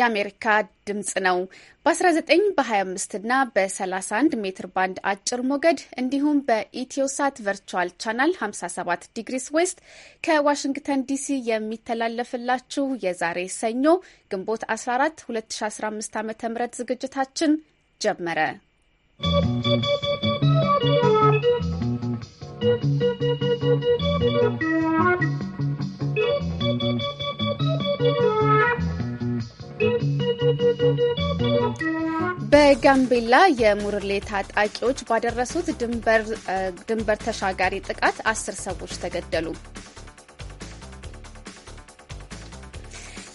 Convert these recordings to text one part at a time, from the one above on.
የአሜሪካ ድምጽ ነው። በ19 በ25 እና በ31 ሜትር ባንድ አጭር ሞገድ እንዲሁም በኢትዮሳት ቨርቹዋል ቻናል 57 ዲግሪስ ዌስት ከዋሽንግተን ዲሲ የሚተላለፍላችሁ የዛሬ ሰኞ ግንቦት 14 2015 ዓ ም ዝግጅታችን ጀመረ። ¶¶ በጋምቤላ የሙርሌ ታጣቂዎች ባደረሱት ድንበር ተሻጋሪ ጥቃት አስር ሰዎች ተገደሉ።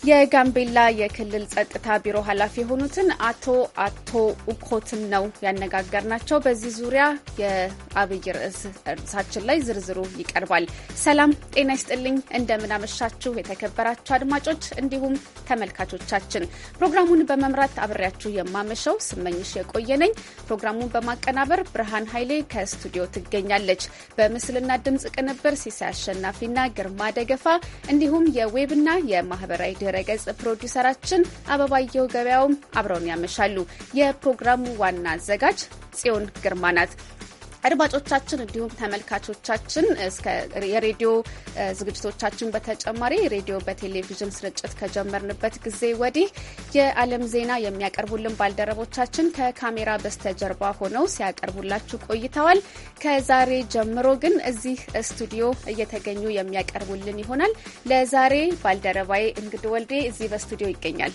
የጋምቤላ የክልል ጸጥታ ቢሮ ኃላፊ የሆኑትን አቶ አቶ ኡኮትን ነው ያነጋገር ናቸው በዚህ ዙሪያ የአብይ ርዕስ እርሳችን ላይ ዝርዝሩ ይቀርባል። ሰላም ጤና ይስጥልኝ፣ እንደምናመሻችሁ የተከበራችሁ አድማጮች እንዲሁም ተመልካቾቻችን። ፕሮግራሙን በመምራት አብሬያችሁ የማመሸው ስመኝሽ የቆየ ነኝ። ፕሮግራሙን በማቀናበር ብርሃን ኃይሌ ከስቱዲዮ ትገኛለች። በምስልና ድምፅ ቅንብር ሲሳይ አሸናፊና ግርማ ደገፋ እንዲሁም የዌብና የማህበራዊ ድረ ድረገጽ ፕሮዲውሰራችን አበባየው ገበያውም አብረውን ያመሻሉ። የፕሮግራሙ ዋና አዘጋጅ ጽዮን ግርማ ናት። አድማጮቻችን እንዲሁም ተመልካቾቻችን እስከ የሬዲዮ ዝግጅቶቻችን በተጨማሪ ሬዲዮ በቴሌቪዥን ስርጭት ከጀመርንበት ጊዜ ወዲህ የዓለም ዜና የሚያቀርቡልን ባልደረቦቻችን ከካሜራ በስተጀርባ ሆነው ሲያቀርቡላችሁ ቆይተዋል። ከዛሬ ጀምሮ ግን እዚህ ስቱዲዮ እየተገኙ የሚያቀርቡልን ይሆናል። ለዛሬ ባልደረባዬ እንግድ ወልዴ እዚህ በስቱዲዮ ይገኛል።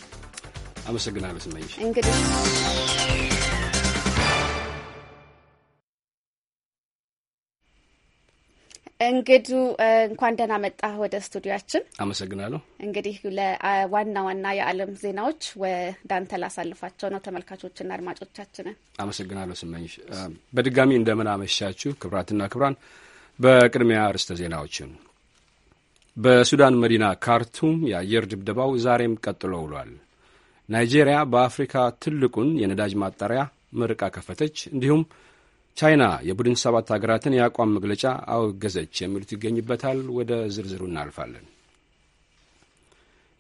አመሰግናለሁ ስመኝሽ። እንግዲህ እንግዱ እንኳን ደህና መጣ ወደ ስቱዲያችን። አመሰግናለሁ። እንግዲህ ለዋና ዋና የዓለም ዜናዎች ወዳንተ ላሳልፋቸው ነው ተመልካቾችና አድማጮቻችንን። አመሰግናለሁ ስመኝሽ። በድጋሚ እንደምን አመሻችሁ ክብራትና ክብራን። በቅድሚያ ርዕሰ ዜናዎችን። በሱዳን መዲና ካርቱም የአየር ድብደባው ዛሬም ቀጥሎ ውሏል። ናይጄሪያ በአፍሪካ ትልቁን የነዳጅ ማጣሪያ መርቃ ከፈተች። እንዲሁም ቻይና የቡድን ሰባት ሀገራትን የአቋም መግለጫ አወገዘች የሚሉት ይገኝበታል። ወደ ዝርዝሩ እናልፋለን።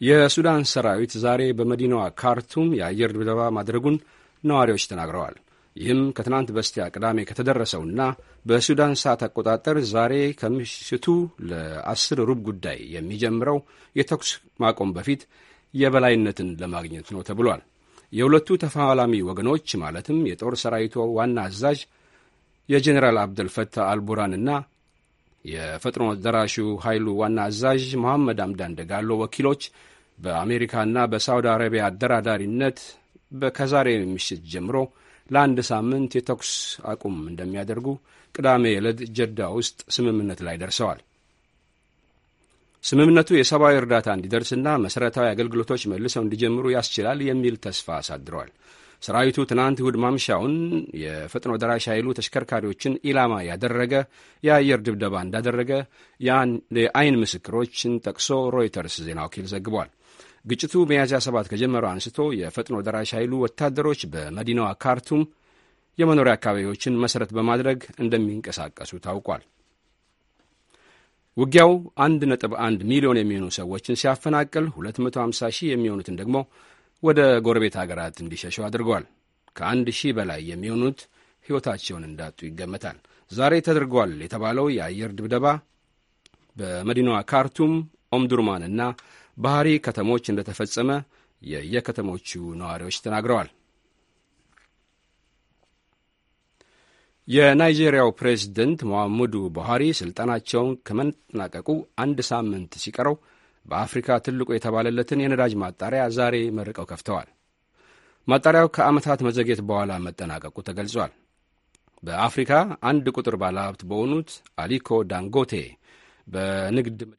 የሱዳን ሰራዊት ዛሬ በመዲናዋ ካርቱም የአየር ድብደባ ማድረጉን ነዋሪዎች ተናግረዋል። ይህም ከትናንት በስቲያ ቅዳሜ ከተደረሰውና በሱዳን ሰዓት አቆጣጠር ዛሬ ከምሽቱ ለአስር ሩብ ጉዳይ የሚጀምረው የተኩስ ማቆም በፊት የበላይነትን ለማግኘት ነው ተብሏል። የሁለቱ ተፋላሚ ወገኖች ማለትም የጦር ሰራዊቱ ዋና አዛዥ የጀኔራል አብደልፈታህ አልቡራንና የፈጥኖ ደራሹ ኃይሉ ዋና አዛዥ መሐመድ አምዳን ደጋሎ ወኪሎች በአሜሪካና በሳውዲ አረቢያ አደራዳሪነት ከዛሬ ምሽት ጀምሮ ለአንድ ሳምንት የተኩስ አቁም እንደሚያደርጉ ቅዳሜ ዕለት ጀዳ ውስጥ ስምምነት ላይ ደርሰዋል። ስምምነቱ የሰብአዊ እርዳታ እንዲደርስና መሠረታዊ አገልግሎቶች መልሰው እንዲጀምሩ ያስችላል የሚል ተስፋ አሳድረዋል። ሰራዊቱ ትናንት እሁድ ማምሻውን የፈጥኖ ደራሽ ኃይሉ ተሽከርካሪዎችን ኢላማ ያደረገ የአየር ድብደባ እንዳደረገ የአይን ምስክሮችን ጠቅሶ ሮይተርስ ዜና ወኪል ዘግቧል። ግጭቱ ሚያዝያ ሰባት ከጀመረ አንስቶ የፈጥኖ ደራሽ ኃይሉ ወታደሮች በመዲናዋ ካርቱም የመኖሪያ አካባቢዎችን መሠረት በማድረግ እንደሚንቀሳቀሱ ታውቋል። ውጊያው 1.1 ሚሊዮን የሚሆኑ ሰዎችን ሲያፈናቅል 250 ሺህ የሚሆኑትን ደግሞ ወደ ጎረቤት አገራት እንዲሸሸው አድርጓል። ከአንድ ሺህ በላይ የሚሆኑት ሕይወታቸውን እንዳጡ ይገመታል። ዛሬ ተደርጓል የተባለው የአየር ድብደባ በመዲናዋ ካርቱም፣ ኦምዱርማን እና ባህሪ ከተሞች እንደተፈጸመ የየከተሞቹ ነዋሪዎች ተናግረዋል። የናይጄሪያው ፕሬዝደንት መሐሙዱ ቡሃሪ ስልጣናቸውን ከመጠናቀቁ አንድ ሳምንት ሲቀረው በአፍሪካ ትልቁ የተባለለትን የነዳጅ ማጣሪያ ዛሬ መርቀው ከፍተዋል። ማጣሪያው ከዓመታት መዘግየት በኋላ መጠናቀቁ ተገልጿል። በአፍሪካ አንድ ቁጥር ባለሀብት በሆኑት አሊኮ ዳንጎቴ በንግድ መዲና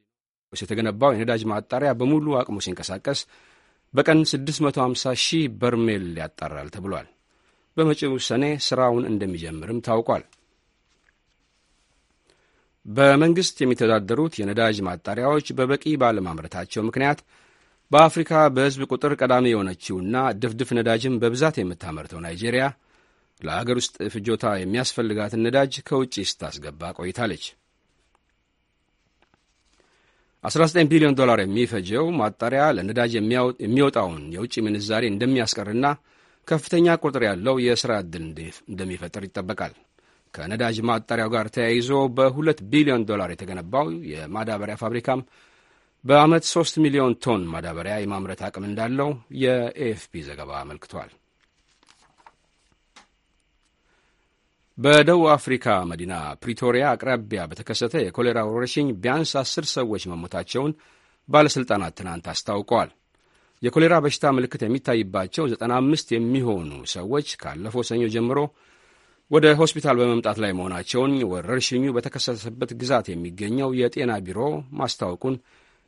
የተገነባው የነዳጅ ማጣሪያ በሙሉ አቅሙ ሲንቀሳቀስ በቀን 650 ሺህ በርሜል ያጣራል ተብሏል። በመጪው ሰኔ ሥራውን እንደሚጀምርም ታውቋል። በመንግሥት የሚተዳደሩት የነዳጅ ማጣሪያዎች በበቂ ባለማምረታቸው ምክንያት በአፍሪካ በሕዝብ ቁጥር ቀዳሚ የሆነችውና ድፍድፍ ነዳጅም በብዛት የምታመርተው ናይጄሪያ ለአገር ውስጥ ፍጆታ የሚያስፈልጋትን ነዳጅ ከውጭ ስታስገባ ቆይታለች። 19 ቢሊዮን ዶላር የሚፈጀው ማጣሪያ ለነዳጅ የሚወጣውን የውጭ ምንዛሬ እንደሚያስቀርና ከፍተኛ ቁጥር ያለው የሥራ ዕድል እንደሚፈጥር ይጠበቃል። ከነዳጅ ማጣሪያው ጋር ተያይዞ በ2 ቢሊዮን ዶላር የተገነባው የማዳበሪያ ፋብሪካም በዓመት 3 ሚሊዮን ቶን ማዳበሪያ የማምረት አቅም እንዳለው የኤኤፍፒ ዘገባ አመልክቷል። በደቡብ አፍሪካ መዲና ፕሪቶሪያ አቅራቢያ በተከሰተ የኮሌራ ወረርሽኝ ቢያንስ አስር ሰዎች መሞታቸውን ባለሥልጣናት ትናንት አስታውቀዋል። የኮሌራ በሽታ ምልክት የሚታይባቸው 95 የሚሆኑ ሰዎች ካለፈው ሰኞ ጀምሮ ወደ ሆስፒታል በመምጣት ላይ መሆናቸውን ወረርሽኙ በተከሰተበት ግዛት የሚገኘው የጤና ቢሮ ማስታወቁን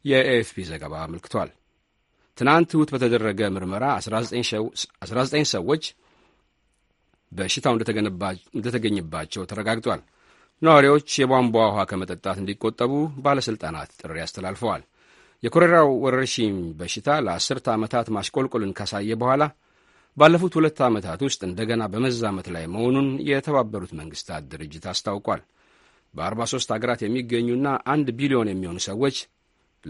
የኤኤፍፒ ዘገባ አመልክቷል። ትናንት እሁድ በተደረገ ምርመራ 19 ሰዎች በሽታው እንደተገኘባቸው ተረጋግጧል። ነዋሪዎች የቧንቧ ውሃ ከመጠጣት እንዲቆጠቡ ባለሥልጣናት ጥሪ አስተላልፈዋል። የኮሌራው ወረርሽኝ በሽታ ለአስርተ ዓመታት ማሽቆልቆልን ካሳየ በኋላ ባለፉት ሁለት ዓመታት ውስጥ እንደገና በመዛመት ላይ መሆኑን የተባበሩት መንግስታት ድርጅት አስታውቋል። በ43 አገራት የሚገኙና አንድ ቢሊዮን የሚሆኑ ሰዎች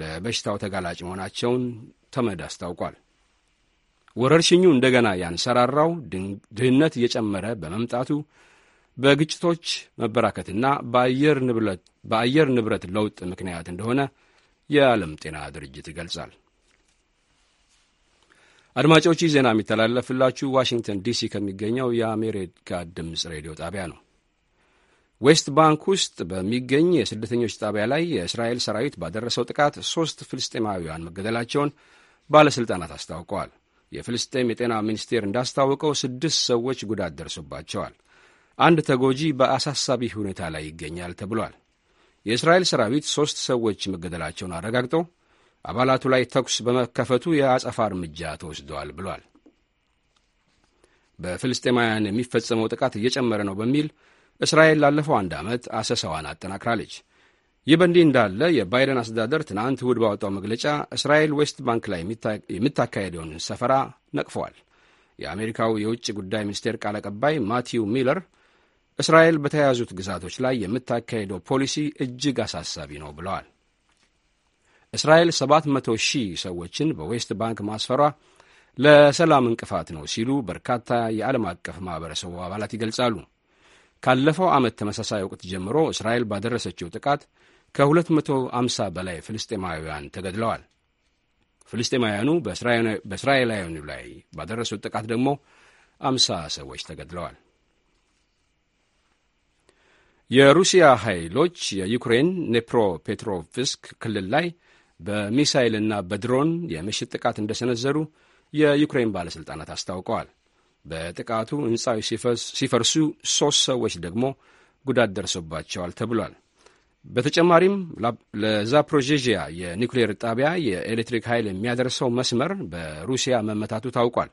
ለበሽታው ተጋላጭ መሆናቸውን ተመድ አስታውቋል። ወረርሽኙ እንደገና ያንሰራራው ድህነት እየጨመረ በመምጣቱ በግጭቶች መበራከትና በአየር ንብረት ለውጥ ምክንያት እንደሆነ የዓለም ጤና ድርጅት ይገልጻል። አድማጮች ዜና የሚተላለፍላችሁ ዋሽንግተን ዲሲ ከሚገኘው የአሜሪካ ድምፅ ሬዲዮ ጣቢያ ነው። ዌስት ባንክ ውስጥ በሚገኝ የስደተኞች ጣቢያ ላይ የእስራኤል ሰራዊት ባደረሰው ጥቃት ሦስት ፍልስጤማውያን መገደላቸውን ባለሥልጣናት አስታውቀዋል። የፍልስጤም የጤና ሚኒስቴር እንዳስታወቀው ስድስት ሰዎች ጉዳት ደርሶባቸዋል። አንድ ተጎጂ በአሳሳቢ ሁኔታ ላይ ይገኛል ተብሏል። የእስራኤል ሰራዊት ሦስት ሰዎች መገደላቸውን አረጋግጠው አባላቱ ላይ ተኩስ በመከፈቱ የአጸፋ እርምጃ ተወስደዋል ብሏል። በፍልስጤማውያን የሚፈጸመው ጥቃት እየጨመረ ነው በሚል እስራኤል ላለፈው አንድ ዓመት አሰሳዋን አጠናክራለች። ይህ በእንዲህ እንዳለ የባይደን አስተዳደር ትናንት እሁድ ባወጣው መግለጫ እስራኤል ዌስት ባንክ ላይ የምታካሄደውን ሰፈራ ነቅፈዋል። የአሜሪካው የውጭ ጉዳይ ሚኒስቴር ቃል አቀባይ ማቲው ሚለር እስራኤል በተያያዙት ግዛቶች ላይ የምታካሄደው ፖሊሲ እጅግ አሳሳቢ ነው ብለዋል። እስራኤል 700 ሺህ ሰዎችን በዌስት ባንክ ማስፈሯ ለሰላም እንቅፋት ነው ሲሉ በርካታ የዓለም አቀፍ ማኅበረሰቡ አባላት ይገልጻሉ። ካለፈው ዓመት ተመሳሳይ ወቅት ጀምሮ እስራኤል ባደረሰችው ጥቃት ከ250 በላይ ፍልስጤማውያን ተገድለዋል። ፍልስጤማውያኑ በእስራኤላውያኑ ላይ ባደረሱት ጥቃት ደግሞ 50 ሰዎች ተገድለዋል። የሩሲያ ኃይሎች የዩክሬን ኔፕሮፔትሮቭስክ ክልል ላይ በሚሳይልና በድሮን የምሽት ጥቃት እንደሰነዘሩ የዩክሬን ባለሥልጣናት አስታውቀዋል። በጥቃቱ ሕንፃዊ ሲፈርሱ ሦስት ሰዎች ደግሞ ጉዳት ደርሶባቸዋል ተብሏል። በተጨማሪም ለዛፕሮዤዥያ የኒውክሌር ጣቢያ የኤሌክትሪክ ኃይል የሚያደርሰው መስመር በሩሲያ መመታቱ ታውቋል።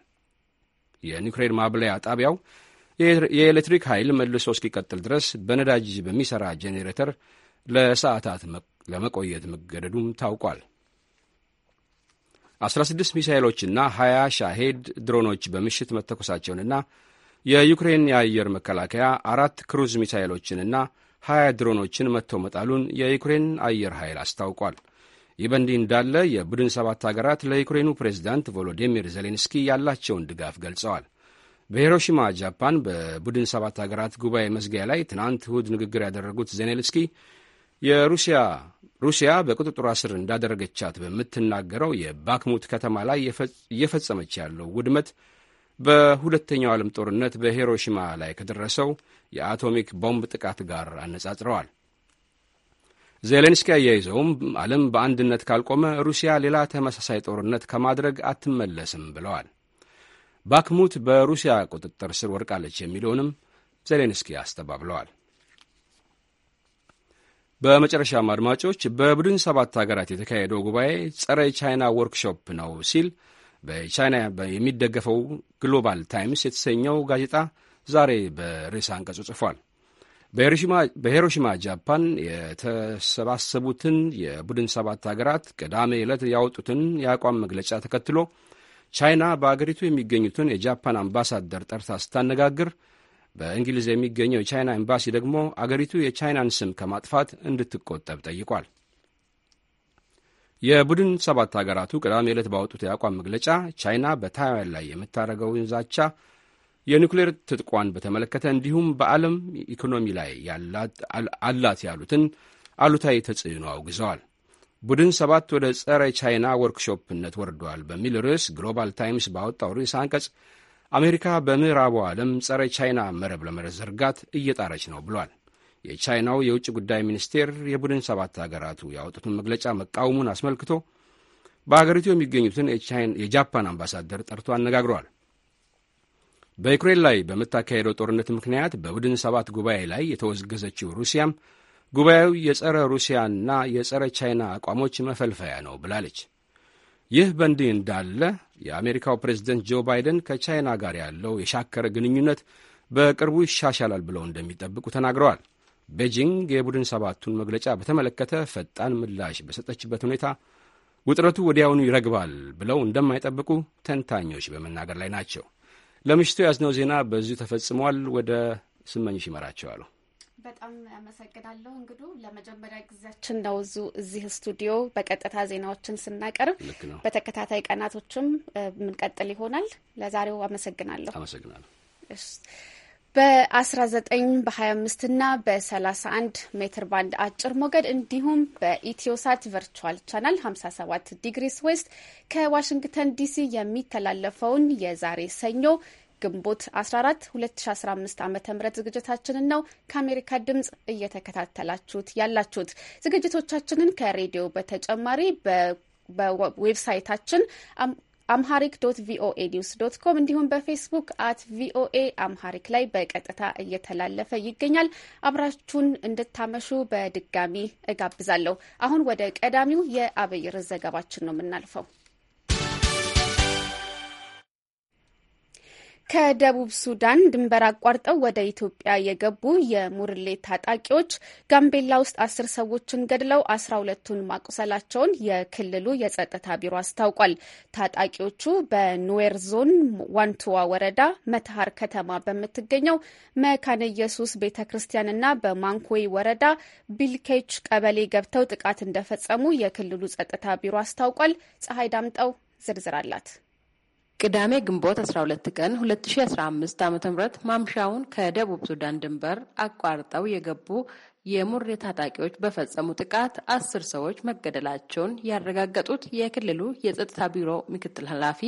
የኒውክሌር ማብለያ ጣቢያው የኤሌክትሪክ ኃይል መልሶ እስኪቀጥል ድረስ በነዳጅ በሚሠራ ጄኔሬተር ለሰዓታት ለመቆየት መገደዱም ታውቋል። 16 ሚሳይሎችና 20 ሻሄድ ድሮኖች በምሽት መተኮሳቸውንና የዩክሬን የአየር መከላከያ አራት ክሩዝ ሚሳይሎችንና 20 ድሮኖችን መጥቶ መጣሉን የዩክሬን አየር ኃይል አስታውቋል። ይህ በእንዲህ እንዳለ የቡድን ሰባት አገራት ለዩክሬኑ ፕሬዝዳንት ቮሎዲሚር ዜሌንስኪ ያላቸውን ድጋፍ ገልጸዋል። በሂሮሺማ ጃፓን፣ በቡድን ሰባት አገራት ጉባኤ መዝጊያ ላይ ትናንት እሁድ ንግግር ያደረጉት ዜሌንስኪ የሩሲያ ሩሲያ በቁጥጥሯ ስር እንዳደረገቻት በምትናገረው የባክሙት ከተማ ላይ እየፈጸመች ያለው ውድመት በሁለተኛው ዓለም ጦርነት በሂሮሺማ ላይ ከደረሰው የአቶሚክ ቦምብ ጥቃት ጋር አነጻጽረዋል። ዜሌንስኪ አያይዘውም ዓለም በአንድነት ካልቆመ ሩሲያ ሌላ ተመሳሳይ ጦርነት ከማድረግ አትመለስም ብለዋል። ባክሙት በሩሲያ ቁጥጥር ስር ወድቃለች የሚለውንም ዜሌንስኪ አስተባብለዋል። በመጨረሻም አድማጮች በቡድን ሰባት ሀገራት የተካሄደው ጉባኤ ጸረ ቻይና ወርክሾፕ ነው ሲል በቻይና የሚደገፈው ግሎባል ታይምስ የተሰኘው ጋዜጣ ዛሬ በርዕስ አንቀጹ ጽፏል። በሂሮሺማ ጃፓን የተሰባሰቡትን የቡድን ሰባት ሀገራት ቅዳሜ ዕለት ያወጡትን የአቋም መግለጫ ተከትሎ ቻይና በአገሪቱ የሚገኙትን የጃፓን አምባሳደር ጠርታ ስታነጋግር በእንግሊዝ የሚገኘው የቻይና ኤምባሲ ደግሞ አገሪቱ የቻይናን ስም ከማጥፋት እንድትቆጠብ ጠይቋል። የቡድን ሰባት አገራቱ ቅዳሜ ዕለት ባወጡት የአቋም መግለጫ ቻይና በታይዋን ላይ የምታደርገውን ዛቻ፣ የኒውክሌር ትጥቋን በተመለከተ እንዲሁም በዓለም ኢኮኖሚ ላይ አላት ያሉትን አሉታዊ ተጽዕኖ አውግዘዋል። ቡድን ሰባት ወደ ጸረ ቻይና ወርክሾፕነት ወርደዋል በሚል ርዕስ ግሎባል ታይምስ ባወጣው ርዕስ አንቀጽ አሜሪካ በምዕራቡ ዓለም ጸረ ቻይና መረብ ለመዘርጋት እየጣረች ነው ብሏል። የቻይናው የውጭ ጉዳይ ሚኒስቴር የቡድን ሰባት አገራቱ ያወጡትን መግለጫ መቃወሙን አስመልክቶ በአገሪቱ የሚገኙትን የጃፓን አምባሳደር ጠርቶ አነጋግሯል። በዩክሬን ላይ በምታካሄደው ጦርነት ምክንያት በቡድን ሰባት ጉባኤ ላይ የተወገዘችው ሩሲያም ጉባኤው የጸረ ሩሲያና የጸረ ቻይና አቋሞች መፈልፈያ ነው ብላለች። ይህ በእንዲህ እንዳለ የአሜሪካው ፕሬዚደንት ጆ ባይደን ከቻይና ጋር ያለው የሻከረ ግንኙነት በቅርቡ ይሻሻላል ብለው እንደሚጠብቁ ተናግረዋል። ቤጂንግ የቡድን ሰባቱን መግለጫ በተመለከተ ፈጣን ምላሽ በሰጠችበት ሁኔታ ውጥረቱ ወዲያውኑ ይረግባል ብለው እንደማይጠብቁ ተንታኞች በመናገር ላይ ናቸው። ለምሽቱ ያዝነው ዜና በዚሁ ተፈጽሟል። ወደ ስመኝሽ ይመራቸዋለሁ። በጣም አመሰግናለሁ። እንግዱ ለመጀመሪያ ጊዜያችን ነው እዚህ ስቱዲዮ በቀጥታ ዜናዎችን ስናቀርብ፣ በተከታታይ ቀናቶችም የምንቀጥል ይሆናል። ለዛሬው አመሰግናለሁ። አመሰግናለሁ። በ19 በ25 እና በ31 ሜትር ባንድ አጭር ሞገድ እንዲሁም በኢትዮሳት ቨርቹዋል ቻናል 57 ዲግሪስ ዌስት ከዋሽንግተን ዲሲ የሚተላለፈውን የዛሬ ሰኞ ግንቦት 14 2015 ዓ ም ዝግጅታችንን ነው ከአሜሪካ ድምፅ እየተከታተላችሁት ያላችሁት። ዝግጅቶቻችንን ከሬዲዮ በተጨማሪ በዌብሳይታችን አምሃሪክ ዶት ቪኦኤ ኒውስ ዶት ኮም እንዲሁም በፌስቡክ አት ቪኦኤ አምሃሪክ ላይ በቀጥታ እየተላለፈ ይገኛል። አብራችሁን እንድታመሹ በድጋሚ እጋብዛለሁ። አሁን ወደ ቀዳሚው የአብይር ዘገባችን ነው የምናልፈው። ከደቡብ ሱዳን ድንበር አቋርጠው ወደ ኢትዮጵያ የገቡ የሙርሌ ታጣቂዎች ጋምቤላ ውስጥ አስር ሰዎችን ገድለው አስራ ሁለቱን ማቁሰላቸውን የክልሉ የጸጥታ ቢሮ አስታውቋል። ታጣቂዎቹ በኑዌር ዞን ዋንቱዋ ወረዳ መተሃር ከተማ በምትገኘው መካነ ኢየሱስ ቤተ ክርስቲያንና በማንኮይ ወረዳ ቢልኬች ቀበሌ ገብተው ጥቃት እንደፈጸሙ የክልሉ ጸጥታ ቢሮ አስታውቋል። ፀሐይ ዳምጠው ዝርዝር አላት። ቅዳሜ ግንቦት 12 ቀን 2015 ዓ.ም ማምሻውን ከደቡብ ሱዳን ድንበር አቋርጠው የገቡ የሙሬ ታጣቂዎች በፈጸሙ ጥቃት አስር ሰዎች መገደላቸውን ያረጋገጡት የክልሉ የጸጥታ ቢሮ ምክትል ኃላፊ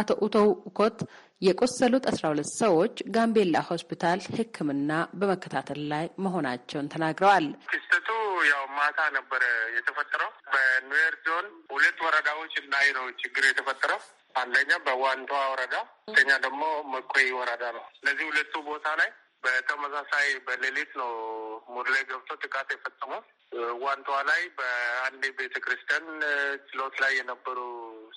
አቶ ኡቶው ኡኮት የቆሰሉት 12 ሰዎች ጋምቤላ ሆስፒታል ሕክምና በመከታተል ላይ መሆናቸውን ተናግረዋል። ክስተቱ ያው ማታ ነበረ የተፈጠረው። በኑዌር ዞን ሁለት ወረዳዎች ላይ ነው ችግር የተፈጠረው። አንደኛ በዋንቷ ወረዳ፣ ሁለተኛ ደግሞ መኮይ ወረዳ ነው። እነዚህ ሁለቱ ቦታ ላይ በተመሳሳይ በሌሊት ነው ላይ ገብቶ ጥቃት የፈጸመው። ዋንቷ ላይ በአንድ ቤተ ክርስቲያን ችሎት ላይ የነበሩ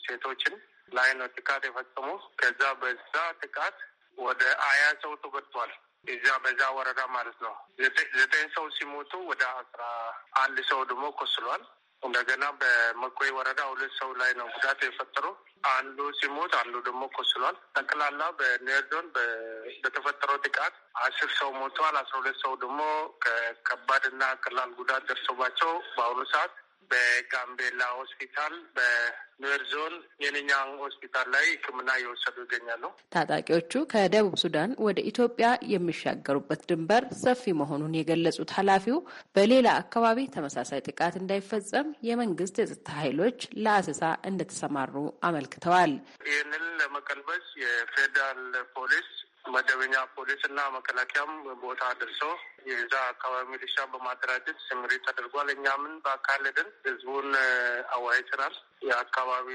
ሴቶችን ላይ ነው ጥቃት የፈጸሙ። ከዛ በዛ ጥቃት ወደ አያ ሰው ተጎድቷል። እዚያ በዛ ወረዳ ማለት ነው። ዘጠኝ ሰው ሲሞቱ ወደ አስራ አንድ ሰው ደግሞ ቆስሏል። እንደገና በመኮይ ወረዳ ሁለት ሰው ላይ ነው ጉዳት የፈጠሩ። አንዱ ሲሞት አንዱ ደግሞ ቆስሏል። ጠቅላላ በኔርዶን በተፈጠረው ጥቃት አስር ሰው ሞቷል። አስራ ሁለት ሰው ደግሞ ከከባድ እና ቀላል ጉዳት ደርሶባቸው በአሁኑ ሰዓት በጋምቤላ ሆስፒታል፣ በኑዌር ዞን የንኛ ሆስፒታል ላይ ሕክምና እየወሰዱ ይገኛሉ። ታጣቂዎቹ ከደቡብ ሱዳን ወደ ኢትዮጵያ የሚሻገሩበት ድንበር ሰፊ መሆኑን የገለጹት ኃላፊው በሌላ አካባቢ ተመሳሳይ ጥቃት እንዳይፈጸም የመንግስት የጸጥታ ኃይሎች ለአሰሳ እንደተሰማሩ አመልክተዋል። ይህንን ለመቀልበስ የፌዴራል ፖሊስ መደበኛ ፖሊስ እና መከላከያም ቦታ አድርሶ የዛ አካባቢ ሚሊሻ በማደራጀት ስምሪት ተደርጓል። እኛምን በአካል ድን ህዝቡን አዋይተናል። የአካባቢ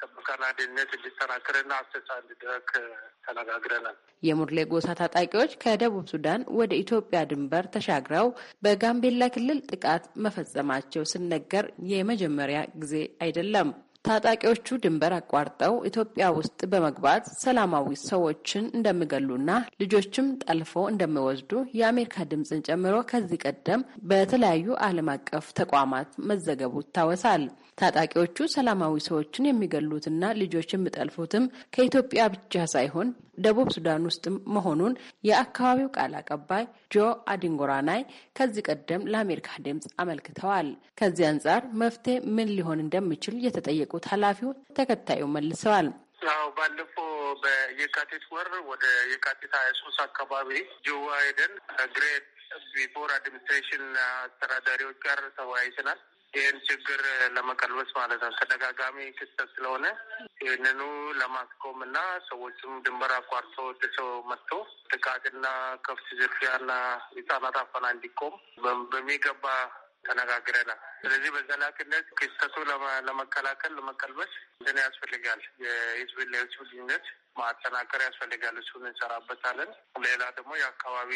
ጥበቃና ደህንነት እንዲጠናከርና አሰሳ እንዲደረግ ተነጋግረናል። የሙርሌ ጎሳ ታጣቂዎች ከደቡብ ሱዳን ወደ ኢትዮጵያ ድንበር ተሻግረው በጋምቤላ ክልል ጥቃት መፈጸማቸው ሲነገር የመጀመሪያ ጊዜ አይደለም። ታጣቂዎቹ ድንበር አቋርጠው ኢትዮጵያ ውስጥ በመግባት ሰላማዊ ሰዎችን እንደሚገሉና ልጆችም ጠልፎ እንደሚወስዱ የአሜሪካ ድምፅን ጨምሮ ከዚህ ቀደም በተለያዩ ዓለም አቀፍ ተቋማት መዘገቡ ይታወሳል። ታጣቂዎቹ ሰላማዊ ሰዎችን የሚገሉትና ልጆች የሚጠልፉትም ከኢትዮጵያ ብቻ ሳይሆን ደቡብ ሱዳን ውስጥ መሆኑን የአካባቢው ቃል አቀባይ ጆ አዲንጎራናይ ከዚህ ቀደም ለአሜሪካ ድምፅ አመልክተዋል። ከዚህ አንጻር መፍትሄ ምን ሊሆን እንደሚችል የተጠየቁ የተጠየቁት ኃላፊው ተከታዩ መልሰዋል። ያው ባለፈው በየካቲት ወር ወደ የካቲት ሀያ ሶስት አካባቢ ጅዋ ሄደን ግሬት ቢፎር አድሚኒስትሬሽን አስተዳዳሪዎች ጋር ተወያይተናል። ይህን ችግር ለመቀልበስ ማለት ነው። ተደጋጋሚ ክስተት ስለሆነ ይህንኑ ለማስቆም እና ሰዎችም ድንበር አቋርቶ ሰው መጥቶ ጥቃትና ከብት ዝርፊያና ህጻናት አፈና እንዲቆም በሚገባ ተነጋግረናል። ስለዚህ በዘላቂነት ክስተቱ ለመከላከል ለመቀልበስ እንትን ያስፈልጋል። የህዝብ ለህዝብ ግንኙነት ማጠናከር ያስፈልጋል። እሱን እንሰራበታለን። ሌላ ደግሞ የአካባቢ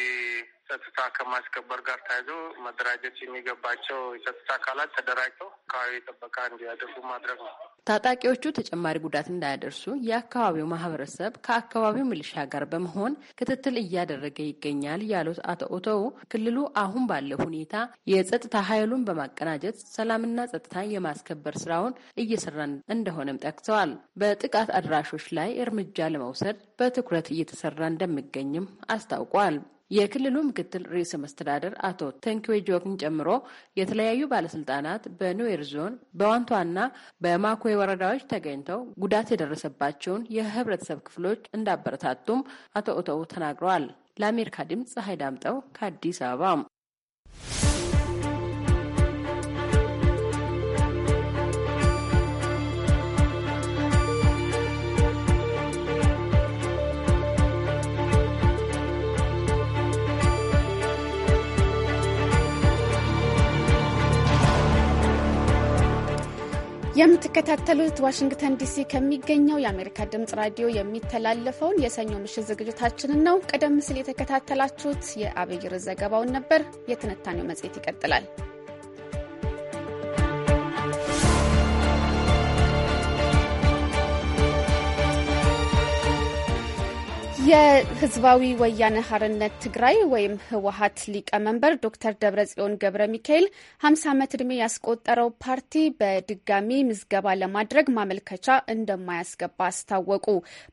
ጸጥታ ከማስከበር ጋር ተያይዞ መደራጀት የሚገባቸው የጸጥታ አካላት ተደራጅተው አካባቢ ጥበቃ እንዲያደርጉ ማድረግ ነው። ታጣቂዎቹ ተጨማሪ ጉዳት እንዳያደርሱ የአካባቢው ማህበረሰብ ከአካባቢው ሚሊሻ ጋር በመሆን ክትትል እያደረገ ይገኛል ያሉት አቶ ኦቶው ክልሉ አሁን ባለው ሁኔታ የጸጥታ ኃይሉን በማቀናጀት ሰላምና ጸጥታ የማስከበር ስራውን እየሰራ እንደሆነም ጠቅሰዋል። በጥቃት አድራሾች ላይ እርምጃ ለመውሰድ በትኩረት እየተሰራ እንደሚገኝም አስታውቋል። የክልሉ ምክትል ርዕሰ መስተዳደር አቶ ተንኪዌ ጆግን ጨምሮ የተለያዩ ባለስልጣናት በኑዌር ዞን በዋንቷና በማኮይ ወረዳዎች ተገኝተው ጉዳት የደረሰባቸውን የህብረተሰብ ክፍሎች እንዳበረታቱም አቶ ኦቶው ተናግረዋል። ለአሜሪካ ድምፅ ፀሐይ ዳምጠው ከአዲስ አበባ የምትከታተሉት ዋሽንግተን ዲሲ ከሚገኘው የአሜሪካ ድምጽ ራዲዮ የሚተላለፈውን የሰኞ ምሽት ዝግጅታችንን ነው። ቀደም ሲል የተከታተላችሁት የአብይር ዘገባውን ነበር። የትንታኔው መጽሔት ይቀጥላል። የህዝባዊ ወያነ ሀርነት ትግራይ ወይም ህወሀት ሊቀመንበር ዶክተር ደብረጽዮን ገብረ ሚካኤል ሀምሳ ዓመት ዕድሜ ያስቆጠረው ፓርቲ በድጋሚ ምዝገባ ለማድረግ ማመልከቻ እንደማያስገባ አስታወቁ።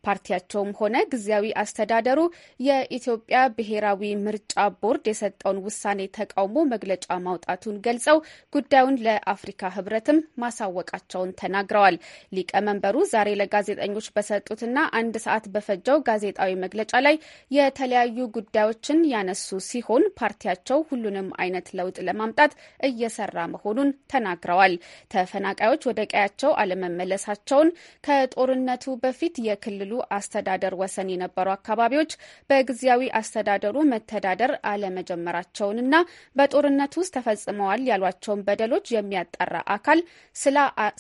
ፓርቲያቸውም ሆነ ጊዜያዊ አስተዳደሩ የኢትዮጵያ ብሔራዊ ምርጫ ቦርድ የሰጠውን ውሳኔ ተቃውሞ መግለጫ ማውጣቱን ገልጸው ጉዳዩን ለአፍሪካ ህብረትም ማሳወቃቸውን ተናግረዋል። ሊቀመንበሩ ዛሬ ለጋዜጠኞች በሰጡትና አንድ ሰዓት በፈጀው ጋዜጣዊ መግለጫ ላይ የተለያዩ ጉዳዮችን ያነሱ ሲሆን ፓርቲያቸው ሁሉንም አይነት ለውጥ ለማምጣት እየሰራ መሆኑን ተናግረዋል። ተፈናቃዮች ወደ ቀያቸው አለመመለሳቸውን፣ ከጦርነቱ በፊት የክልሉ አስተዳደር ወሰን የነበሩ አካባቢዎች በጊዜያዊ አስተዳደሩ መተዳደር አለመጀመራቸውንና በጦርነቱ ውስጥ ተፈጽመዋል ያሏቸውን በደሎች የሚያጠራ አካል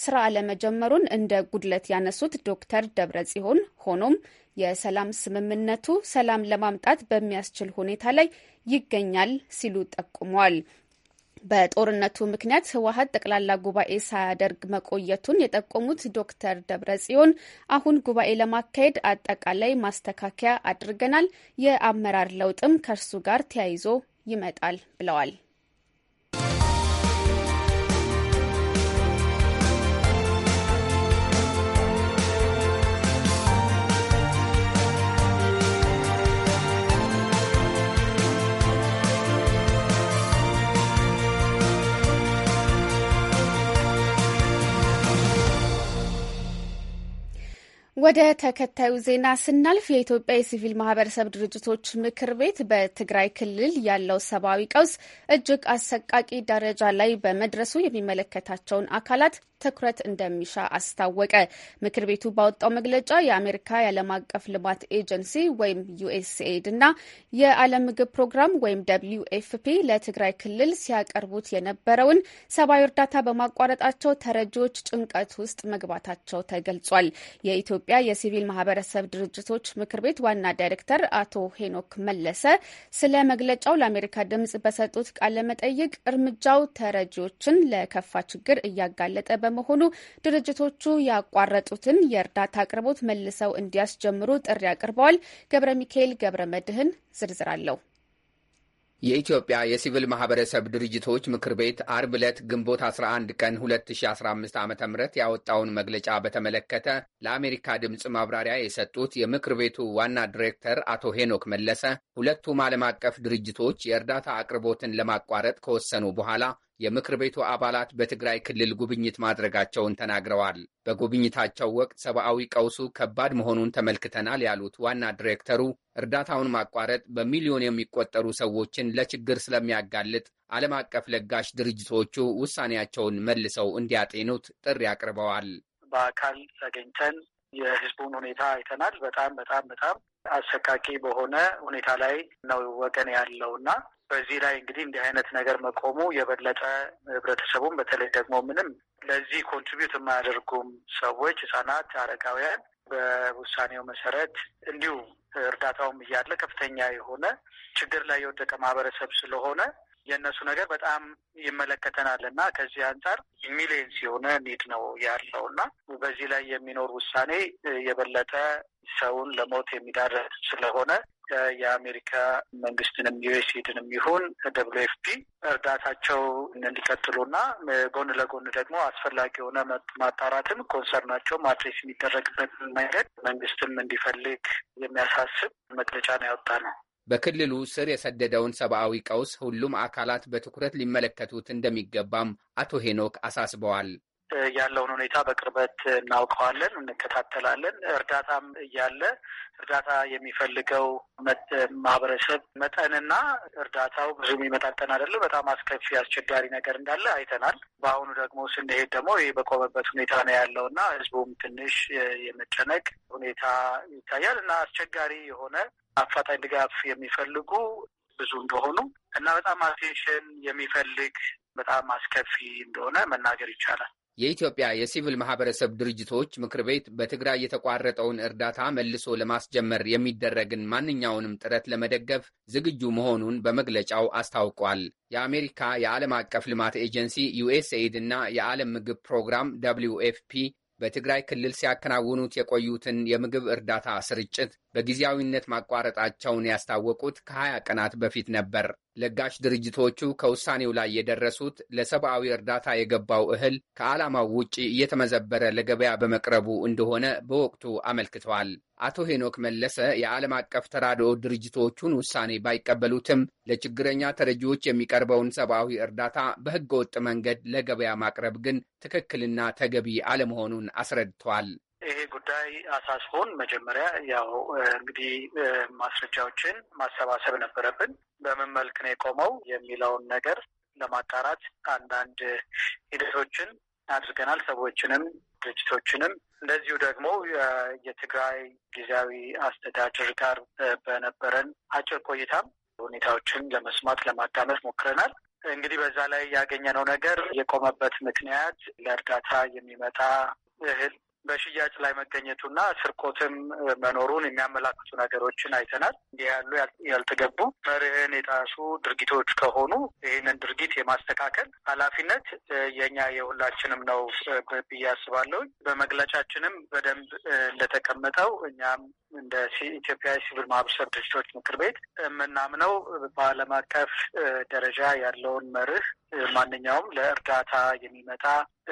ስራ አለመጀመሩን እንደ ጉድለት ያነሱት ዶክተር ደብረ ጽዮን ሆኖም የሰላም ስምምነቱ ሰላም ለማምጣት በሚያስችል ሁኔታ ላይ ይገኛል ሲሉ ጠቁመዋል። በጦርነቱ ምክንያት ህወሀት ጠቅላላ ጉባኤ ሳያደርግ መቆየቱን የጠቆሙት ዶክተር ደብረ ጽዮን አሁን ጉባኤ ለማካሄድ አጠቃላይ ማስተካከያ አድርገናል፣ የአመራር ለውጥም ከእርሱ ጋር ተያይዞ ይመጣል ብለዋል። ወደ ተከታዩ ዜና ስናልፍ የኢትዮጵያ የሲቪል ማህበረሰብ ድርጅቶች ምክር ቤት በትግራይ ክልል ያለው ሰብአዊ ቀውስ እጅግ አሰቃቂ ደረጃ ላይ በመድረሱ የሚመለከታቸውን አካላት ትኩረት እንደሚሻ አስታወቀ። ምክር ቤቱ ባወጣው መግለጫ የአሜሪካ የዓለም አቀፍ ልማት ኤጀንሲ ወይም ዩኤስኤድ እና የዓለም ምግብ ፕሮግራም ወይም ደብሊው ኤፍፒ ለትግራይ ክልል ሲያቀርቡት የነበረውን ሰብአዊ እርዳታ በማቋረጣቸው ተረጂዎች ጭንቀት ውስጥ መግባታቸው ተገልጿል። የኢትዮጵያ የሲቪል ማህበረሰብ ድርጅቶች ምክር ቤት ዋና ዳይሬክተር አቶ ሄኖክ መለሰ ስለ መግለጫው ለአሜሪካ ድምጽ በሰጡት ቃለ መጠይቅ እርምጃው ተረጂዎችን ለከፋ ችግር እያጋለጠ በ በመሆኑ ድርጅቶቹ ያቋረጡትን የእርዳታ አቅርቦት መልሰው እንዲያስጀምሩ ጥሪ አቅርበዋል። ገብረ ሚካኤል ገብረ መድህን ዝርዝር አለው። የኢትዮጵያ የሲቪል ማህበረሰብ ድርጅቶች ምክር ቤት አርብ ዕለት ግንቦት 11 ቀን 2015 ዓ ም ያወጣውን መግለጫ በተመለከተ ለአሜሪካ ድምፅ ማብራሪያ የሰጡት የምክር ቤቱ ዋና ዲሬክተር አቶ ሄኖክ መለሰ ሁለቱም ዓለም አቀፍ ድርጅቶች የእርዳታ አቅርቦትን ለማቋረጥ ከወሰኑ በኋላ የምክር ቤቱ አባላት በትግራይ ክልል ጉብኝት ማድረጋቸውን ተናግረዋል። በጉብኝታቸው ወቅት ሰብአዊ ቀውሱ ከባድ መሆኑን ተመልክተናል ያሉት ዋና ዲሬክተሩ እርዳታውን ማቋረጥ በሚሊዮን የሚቆጠሩ ሰዎችን ለችግር ስለሚያጋልጥ ዓለም አቀፍ ለጋሽ ድርጅቶቹ ውሳኔያቸውን መልሰው እንዲያጤኑት ጥሪ አቅርበዋል። በአካል ተገኝተን የህዝቡን ሁኔታ አይተናል። በጣም በጣም በጣም አሰቃቂ በሆነ ሁኔታ ላይ ነው ወገን ያለው እና በዚህ ላይ እንግዲህ እንዲህ አይነት ነገር መቆሙ የበለጠ ህብረተሰቡም በተለይ ደግሞ ምንም ለዚህ ኮንትሪቢዩት የማያደርጉም ሰዎች ህጻናት፣ አረጋውያን በውሳኔው መሰረት እንዲሁ እርዳታውም እያለ ከፍተኛ የሆነ ችግር ላይ የወደቀ ማህበረሰብ ስለሆነ የእነሱ ነገር በጣም ይመለከተናል እና ከዚህ አንጻር ሚሊየንስ የሆነ ኒድ ነው ያለው እና በዚህ ላይ የሚኖር ውሳኔ የበለጠ ሰውን ለሞት የሚዳረግ ስለሆነ የአሜሪካ መንግስትንም ዩኤስኤድንም ይሁን ደብሊው ኤፍፒ እርዳታቸው እንዲቀጥሉና ጎን ለጎን ደግሞ አስፈላጊ የሆነ ማጣራትም ኮንሰርናቸው ማድሬስ የሚደረግበት መንገድ መንግስትም እንዲፈልግ የሚያሳስብ መግለጫ ነው ያወጣ ነው። በክልሉ ስር የሰደደውን ሰብአዊ ቀውስ ሁሉም አካላት በትኩረት ሊመለከቱት እንደሚገባም አቶ ሄኖክ አሳስበዋል። ያለውን ሁኔታ በቅርበት እናውቀዋለን፣ እንከታተላለን። እርዳታም እያለ እርዳታ የሚፈልገው ማህበረሰብ መጠንና እርዳታው ብዙ የሚመጣጠን አይደለም። በጣም አስከፊ አስቸጋሪ ነገር እንዳለ አይተናል። በአሁኑ ደግሞ ስንሄድ ደግሞ ይህ በቆመበት ሁኔታ ነው ያለው እና ህዝቡም ትንሽ የመጨነቅ ሁኔታ ይታያል እና አስቸጋሪ የሆነ አፋጣኝ ድጋፍ የሚፈልጉ ብዙ እንደሆኑ እና በጣም አቴንሽን የሚፈልግ በጣም አስከፊ እንደሆነ መናገር ይቻላል። የኢትዮጵያ የሲቪል ማህበረሰብ ድርጅቶች ምክር ቤት በትግራይ የተቋረጠውን እርዳታ መልሶ ለማስጀመር የሚደረግን ማንኛውንም ጥረት ለመደገፍ ዝግጁ መሆኑን በመግለጫው አስታውቋል። የአሜሪካ የዓለም አቀፍ ልማት ኤጀንሲ ዩኤስኤድ እና የዓለም ምግብ ፕሮግራም ደብሊው ኤፍ ፒ በትግራይ ክልል ሲያከናውኑት የቆዩትን የምግብ እርዳታ ስርጭት በጊዜያዊነት ማቋረጣቸውን ያስታወቁት ከ20 ቀናት በፊት ነበር። ለጋሽ ድርጅቶቹ ከውሳኔው ላይ የደረሱት ለሰብአዊ እርዳታ የገባው እህል ከዓላማው ውጪ እየተመዘበረ ለገበያ በመቅረቡ እንደሆነ በወቅቱ አመልክተዋል። አቶ ሄኖክ መለሰ የዓለም አቀፍ ተራድኦ ድርጅቶቹን ውሳኔ ባይቀበሉትም ለችግረኛ ተረጂዎች የሚቀርበውን ሰብአዊ እርዳታ በሕገ ወጥ መንገድ ለገበያ ማቅረብ ግን ትክክልና ተገቢ አለመሆኑን አስረድተዋል። ይሄ ጉዳይ አሳስቦን መጀመሪያ ያው እንግዲህ ማስረጃዎችን ማሰባሰብ ነበረብን። በምን መልክ ነው የቆመው የሚለውን ነገር ለማጣራት አንዳንድ ሂደቶችን አድርገናል። ሰዎችንም ድርጅቶችንም እንደዚሁ ደግሞ የትግራይ ጊዜያዊ አስተዳደር ጋር በነበረን አጭር ቆይታም ሁኔታዎችን ለመስማት ለማዳመጥ ሞክረናል። እንግዲህ በዛ ላይ ያገኘነው ነገር የቆመበት ምክንያት ለእርዳታ የሚመጣ እህል በሽያጭ ላይ መገኘቱና ስርቆትም መኖሩን የሚያመላክቱ ነገሮችን አይተናል። እንዲህ ያሉ ያልተገቡ መርህን የጣሱ ድርጊቶች ከሆኑ ይህንን ድርጊት የማስተካከል ኃላፊነት የኛ የሁላችንም ነው ብዬ አስባለሁ። በመግለጫችንም በደንብ እንደተቀመጠው እኛም እንደ ኢትዮጵያ ሲቪል ማህበረሰብ ድርጅቶች ምክር ቤት የምናምነው በዓለም አቀፍ ደረጃ ያለውን መርህ ማንኛውም ለእርዳታ የሚመጣ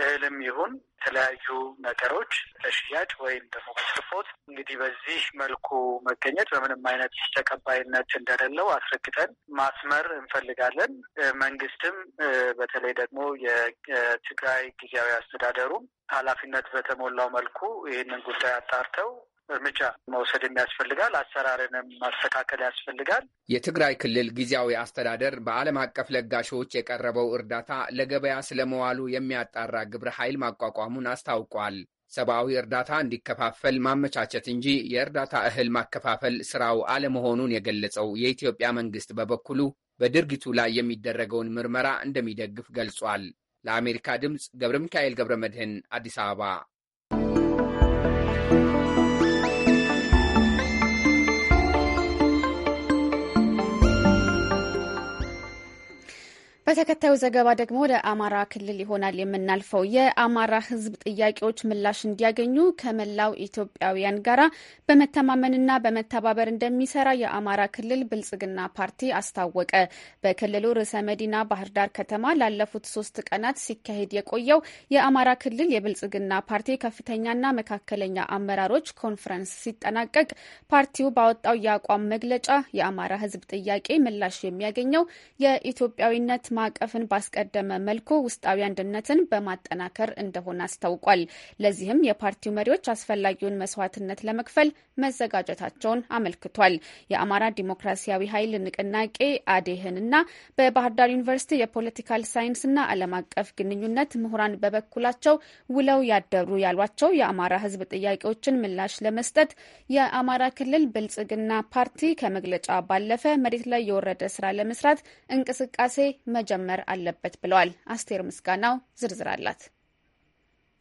እህልም ይሁን የተለያዩ ነገሮች ለሽያጭ ወይም ደግሞ በስርፎት እንግዲህ በዚህ መልኩ መገኘት በምንም አይነት ተቀባይነት እንደሌለው አስረግጠን ማስመር እንፈልጋለን። መንግስትም በተለይ ደግሞ የትግራይ ጊዜያዊ አስተዳደሩም ኃላፊነት በተሞላው መልኩ ይህንን ጉዳይ አጣርተው እርምጃ መውሰድ የሚያስፈልጋል። አሰራርንም ማስተካከል ያስፈልጋል። የትግራይ ክልል ጊዜያዊ አስተዳደር በዓለም አቀፍ ለጋሾች የቀረበው እርዳታ ለገበያ ስለመዋሉ የሚያጣራ ግብረ ኃይል ማቋቋሙን አስታውቋል። ሰብአዊ እርዳታ እንዲከፋፈል ማመቻቸት እንጂ የእርዳታ እህል ማከፋፈል ስራው አለመሆኑን የገለጸው የኢትዮጵያ መንግስት በበኩሉ በድርጊቱ ላይ የሚደረገውን ምርመራ እንደሚደግፍ ገልጿል። ለአሜሪካ ድምፅ ገብረ ሚካኤል ገብረ መድህን አዲስ አበባ በተከታዩ ዘገባ ደግሞ ወደ አማራ ክልል ይሆናል የምናልፈው። የአማራ ሕዝብ ጥያቄዎች ምላሽ እንዲያገኙ ከመላው ኢትዮጵያውያን ጋራ በመተማመንና በመተባበር እንደሚሰራ የአማራ ክልል ብልጽግና ፓርቲ አስታወቀ። በክልሉ ርዕሰ መዲና ባህር ዳር ከተማ ላለፉት ሶስት ቀናት ሲካሄድ የቆየው የአማራ ክልል የብልጽግና ፓርቲ ከፍተኛና መካከለኛ አመራሮች ኮንፈረንስ ሲጠናቀቅ ፓርቲው ባወጣው የአቋም መግለጫ የአማራ ሕዝብ ጥያቄ ምላሽ የሚያገኘው የኢትዮጵያዊነት ማዕቀፍን ባስቀደመ መልኩ ውስጣዊ አንድነትን በማጠናከር እንደሆነ አስታውቋል። ለዚህም የፓርቲው መሪዎች አስፈላጊውን መስዋዕትነት ለመክፈል መዘጋጀታቸውን አመልክቷል። የአማራ ዲሞክራሲያዊ ኃይል ንቅናቄ አዴህንና በባህር ዳር ዩኒቨርሲቲ የፖለቲካል ሳይንስና ዓለም አቀፍ ግንኙነት ምሁራን በበኩላቸው ውለው ያደሩ ያሏቸው የአማራ ህዝብ ጥያቄዎችን ምላሽ ለመስጠት የአማራ ክልል ብልጽግና ፓርቲ ከመግለጫ ባለፈ መሬት ላይ የወረደ ስራ ለመስራት እንቅስቃሴ መጀ መጀመር አለበት ብለዋል። አስቴር ምስጋናው ዝርዝር አላት።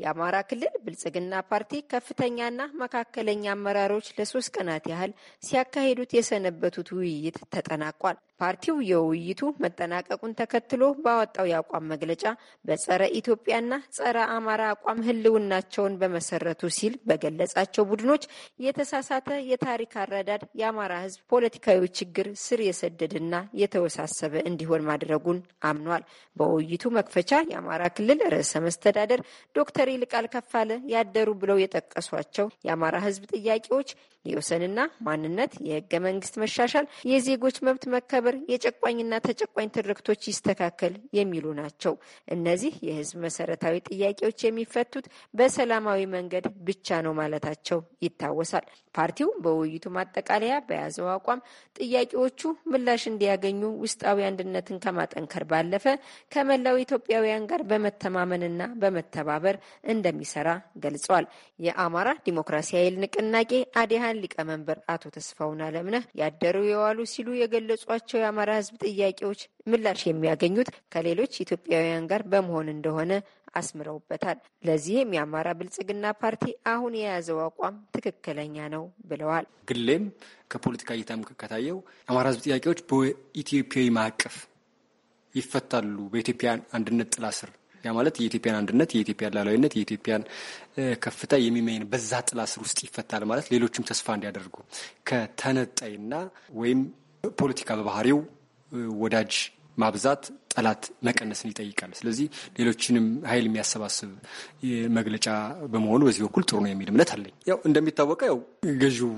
የአማራ ክልል ብልጽግና ፓርቲ ከፍተኛና መካከለኛ አመራሮች ለሶስት ቀናት ያህል ሲያካሂዱት የሰነበቱት ውይይት ተጠናቋል። ፓርቲው የውይይቱ መጠናቀቁን ተከትሎ ባወጣው የአቋም መግለጫ በጸረ ኢትዮጵያና ጸረ አማራ አቋም ህልውናቸውን በመሰረቱ ሲል በገለጻቸው ቡድኖች የተሳሳተ የታሪክ አረዳድ የአማራ ሕዝብ ፖለቲካዊ ችግር ስር የሰደደና የተወሳሰበ እንዲሆን ማድረጉን አምኗል። በውይይቱ መክፈቻ የአማራ ክልል ርዕሰ መስተዳደር ዶክተር ይልቃል ከፋለ ያደሩ ብለው የጠቀሷቸው የአማራ ህዝብ ጥያቄዎች የወሰንና ማንነት፣ የህገ መንግስት መሻሻል፣ የዜጎች መብት መከበ ይከበር፣ የጨቋኝና ተጨቋኝ ትርክቶች ይስተካከል የሚሉ ናቸው። እነዚህ የህዝብ መሰረታዊ ጥያቄዎች የሚፈቱት በሰላማዊ መንገድ ብቻ ነው ማለታቸው ይታወሳል። ፓርቲው በውይይቱ ማጠቃለያ በያዘው አቋም ጥያቄዎቹ ምላሽ እንዲያገኙ ውስጣዊ አንድነትን ከማጠንከር ባለፈ ከመላው ኢትዮጵያውያን ጋር በመተማመንና በመተባበር እንደሚሰራ ገልጿል። የአማራ ዲሞክራሲ ኃይል ንቅናቄ አዲሃን ሊቀመንበር አቶ ተስፋውን አለምነህ ያደሩ የዋሉ ሲሉ የገለጿቸው ያላቸው የአማራ ህዝብ ጥያቄዎች ምላሽ የሚያገኙት ከሌሎች ኢትዮጵያውያን ጋር በመሆን እንደሆነ አስምረውበታል። ለዚህም የአማራ ብልጽግና ፓርቲ አሁን የያዘው አቋም ትክክለኛ ነው ብለዋል። ግሌም ከፖለቲካ እይታም ከታየው የአማራ ህዝብ ጥያቄዎች በኢትዮጵያዊ ማዕቀፍ ይፈታሉ በኢትዮጵያ አንድነት ጥላ ስር ያ ማለት የኢትዮጵያን አንድነት፣ የኢትዮጵያን ላላዊነት፣ የኢትዮጵያን ከፍታ የሚመኝ በዛ ጥላ ስር ውስጥ ይፈታል ማለት ሌሎችም ተስፋ እንዲያደርጉ ከተነጣይና ወይም ፖለቲካ በባህሪው ወዳጅ ማብዛት ጠላት መቀነስን ይጠይቃል። ስለዚህ ሌሎችንም ኃይል የሚያሰባስብ መግለጫ በመሆኑ በዚህ በኩል ጥሩ ነው የሚል እምነት አለኝ። ያው እንደሚታወቀው ያው ገዢው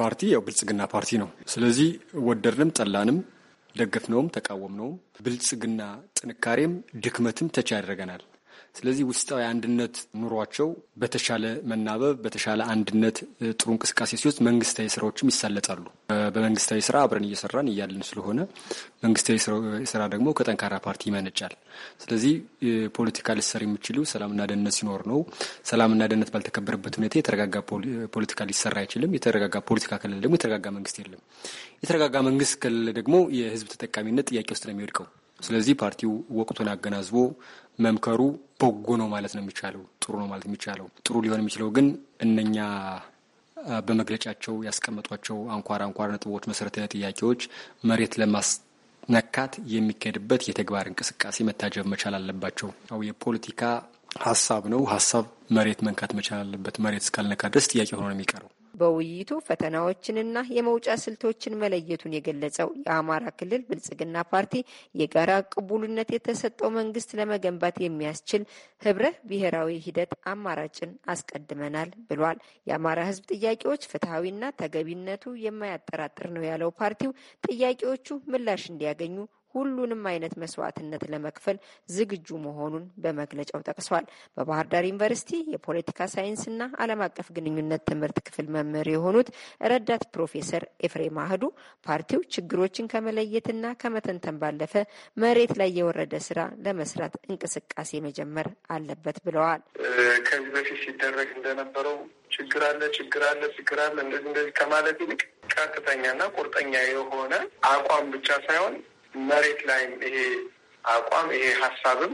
ፓርቲ ያው ብልጽግና ፓርቲ ነው። ስለዚህ ወደድንም ጠላንም ደገፍነውም ተቃወምነውም ብልጽግና ጥንካሬም ድክመትም ተች ያደርገናል። ስለዚህ ውስጣዊ አንድነት ኑሯቸው በተሻለ መናበብ፣ በተሻለ አንድነት ጥሩ እንቅስቃሴ ሲወስድ መንግስታዊ ስራዎችም ይሳለጣሉ። በመንግስታዊ ስራ አብረን እየሰራን እያለን ስለሆነ መንግስታዊ ስራ ደግሞ ከጠንካራ ፓርቲ ይመነጫል። ስለዚህ ፖለቲካ ሊሰር የምችለው ሰላምና ደህንነት ሲኖር ነው። ሰላምና ደህንነት ባልተከበረበት ሁኔታ የተረጋጋ ፖለቲካ ሊሰራ አይችልም። የተረጋጋ ፖለቲካ ከሌለ ደግሞ የተረጋጋ መንግስት የለም። የተረጋጋ መንግስት ከሌለ ደግሞ የህዝብ ተጠቃሚነት ጥያቄ ውስጥ ነው የሚወድቀው። ስለዚህ ፓርቲው ወቅቱን አገናዝቦ መምከሩ በጎ ነው ማለት ነው የሚቻለው፣ ጥሩ ነው ማለት የሚቻለው። ጥሩ ሊሆን የሚችለው ግን እነኛ በመግለጫቸው ያስቀመጧቸው አንኳር አንኳር ነጥቦች፣ መሰረታዊ ጥያቄዎች መሬት ለማስነካት የሚካሄድበት የተግባር እንቅስቃሴ መታጀብ መቻል አለባቸው። ያው የፖለቲካ ሀሳብ ነው። ሀሳብ መሬት መንካት መቻል አለበት። መሬት እስካልነካ ድረስ ጥያቄ ሆኖ ነው የሚቀረው። በውይይቱ ፈተናዎችንና የመውጫ ስልቶችን መለየቱን የገለጸው የአማራ ክልል ብልጽግና ፓርቲ የጋራ ቅቡልነት የተሰጠው መንግስት ለመገንባት የሚያስችል ህብረ ብሔራዊ ሂደት አማራጭን አስቀድመናል ብሏል። የአማራ ህዝብ ጥያቄዎች ፍትሐዊና ተገቢነቱ የማያጠራጥር ነው ያለው ፓርቲው ጥያቄዎቹ ምላሽ እንዲያገኙ ሁሉንም አይነት መስዋዕትነት ለመክፈል ዝግጁ መሆኑን በመግለጫው ጠቅሷል። በባህር ዳር ዩኒቨርሲቲ የፖለቲካ ሳይንስና ዓለም አቀፍ ግንኙነት ትምህርት ክፍል መምህር የሆኑት ረዳት ፕሮፌሰር ኤፍሬም አህዱ ፓርቲው ችግሮችን ከመለየትና ከመተንተን ባለፈ መሬት ላይ የወረደ ስራ ለመስራት እንቅስቃሴ መጀመር አለበት ብለዋል። ከዚህ በፊት ሲደረግ እንደነበረው ችግር አለ ችግር አለ ችግር አለ እንደዚህ እንደዚህ ከማለት ይልቅ ቀጥተኛና ቁርጠኛ የሆነ አቋም ብቻ ሳይሆን መሬት ላይም ይሄ አቋም ይሄ ሀሳብም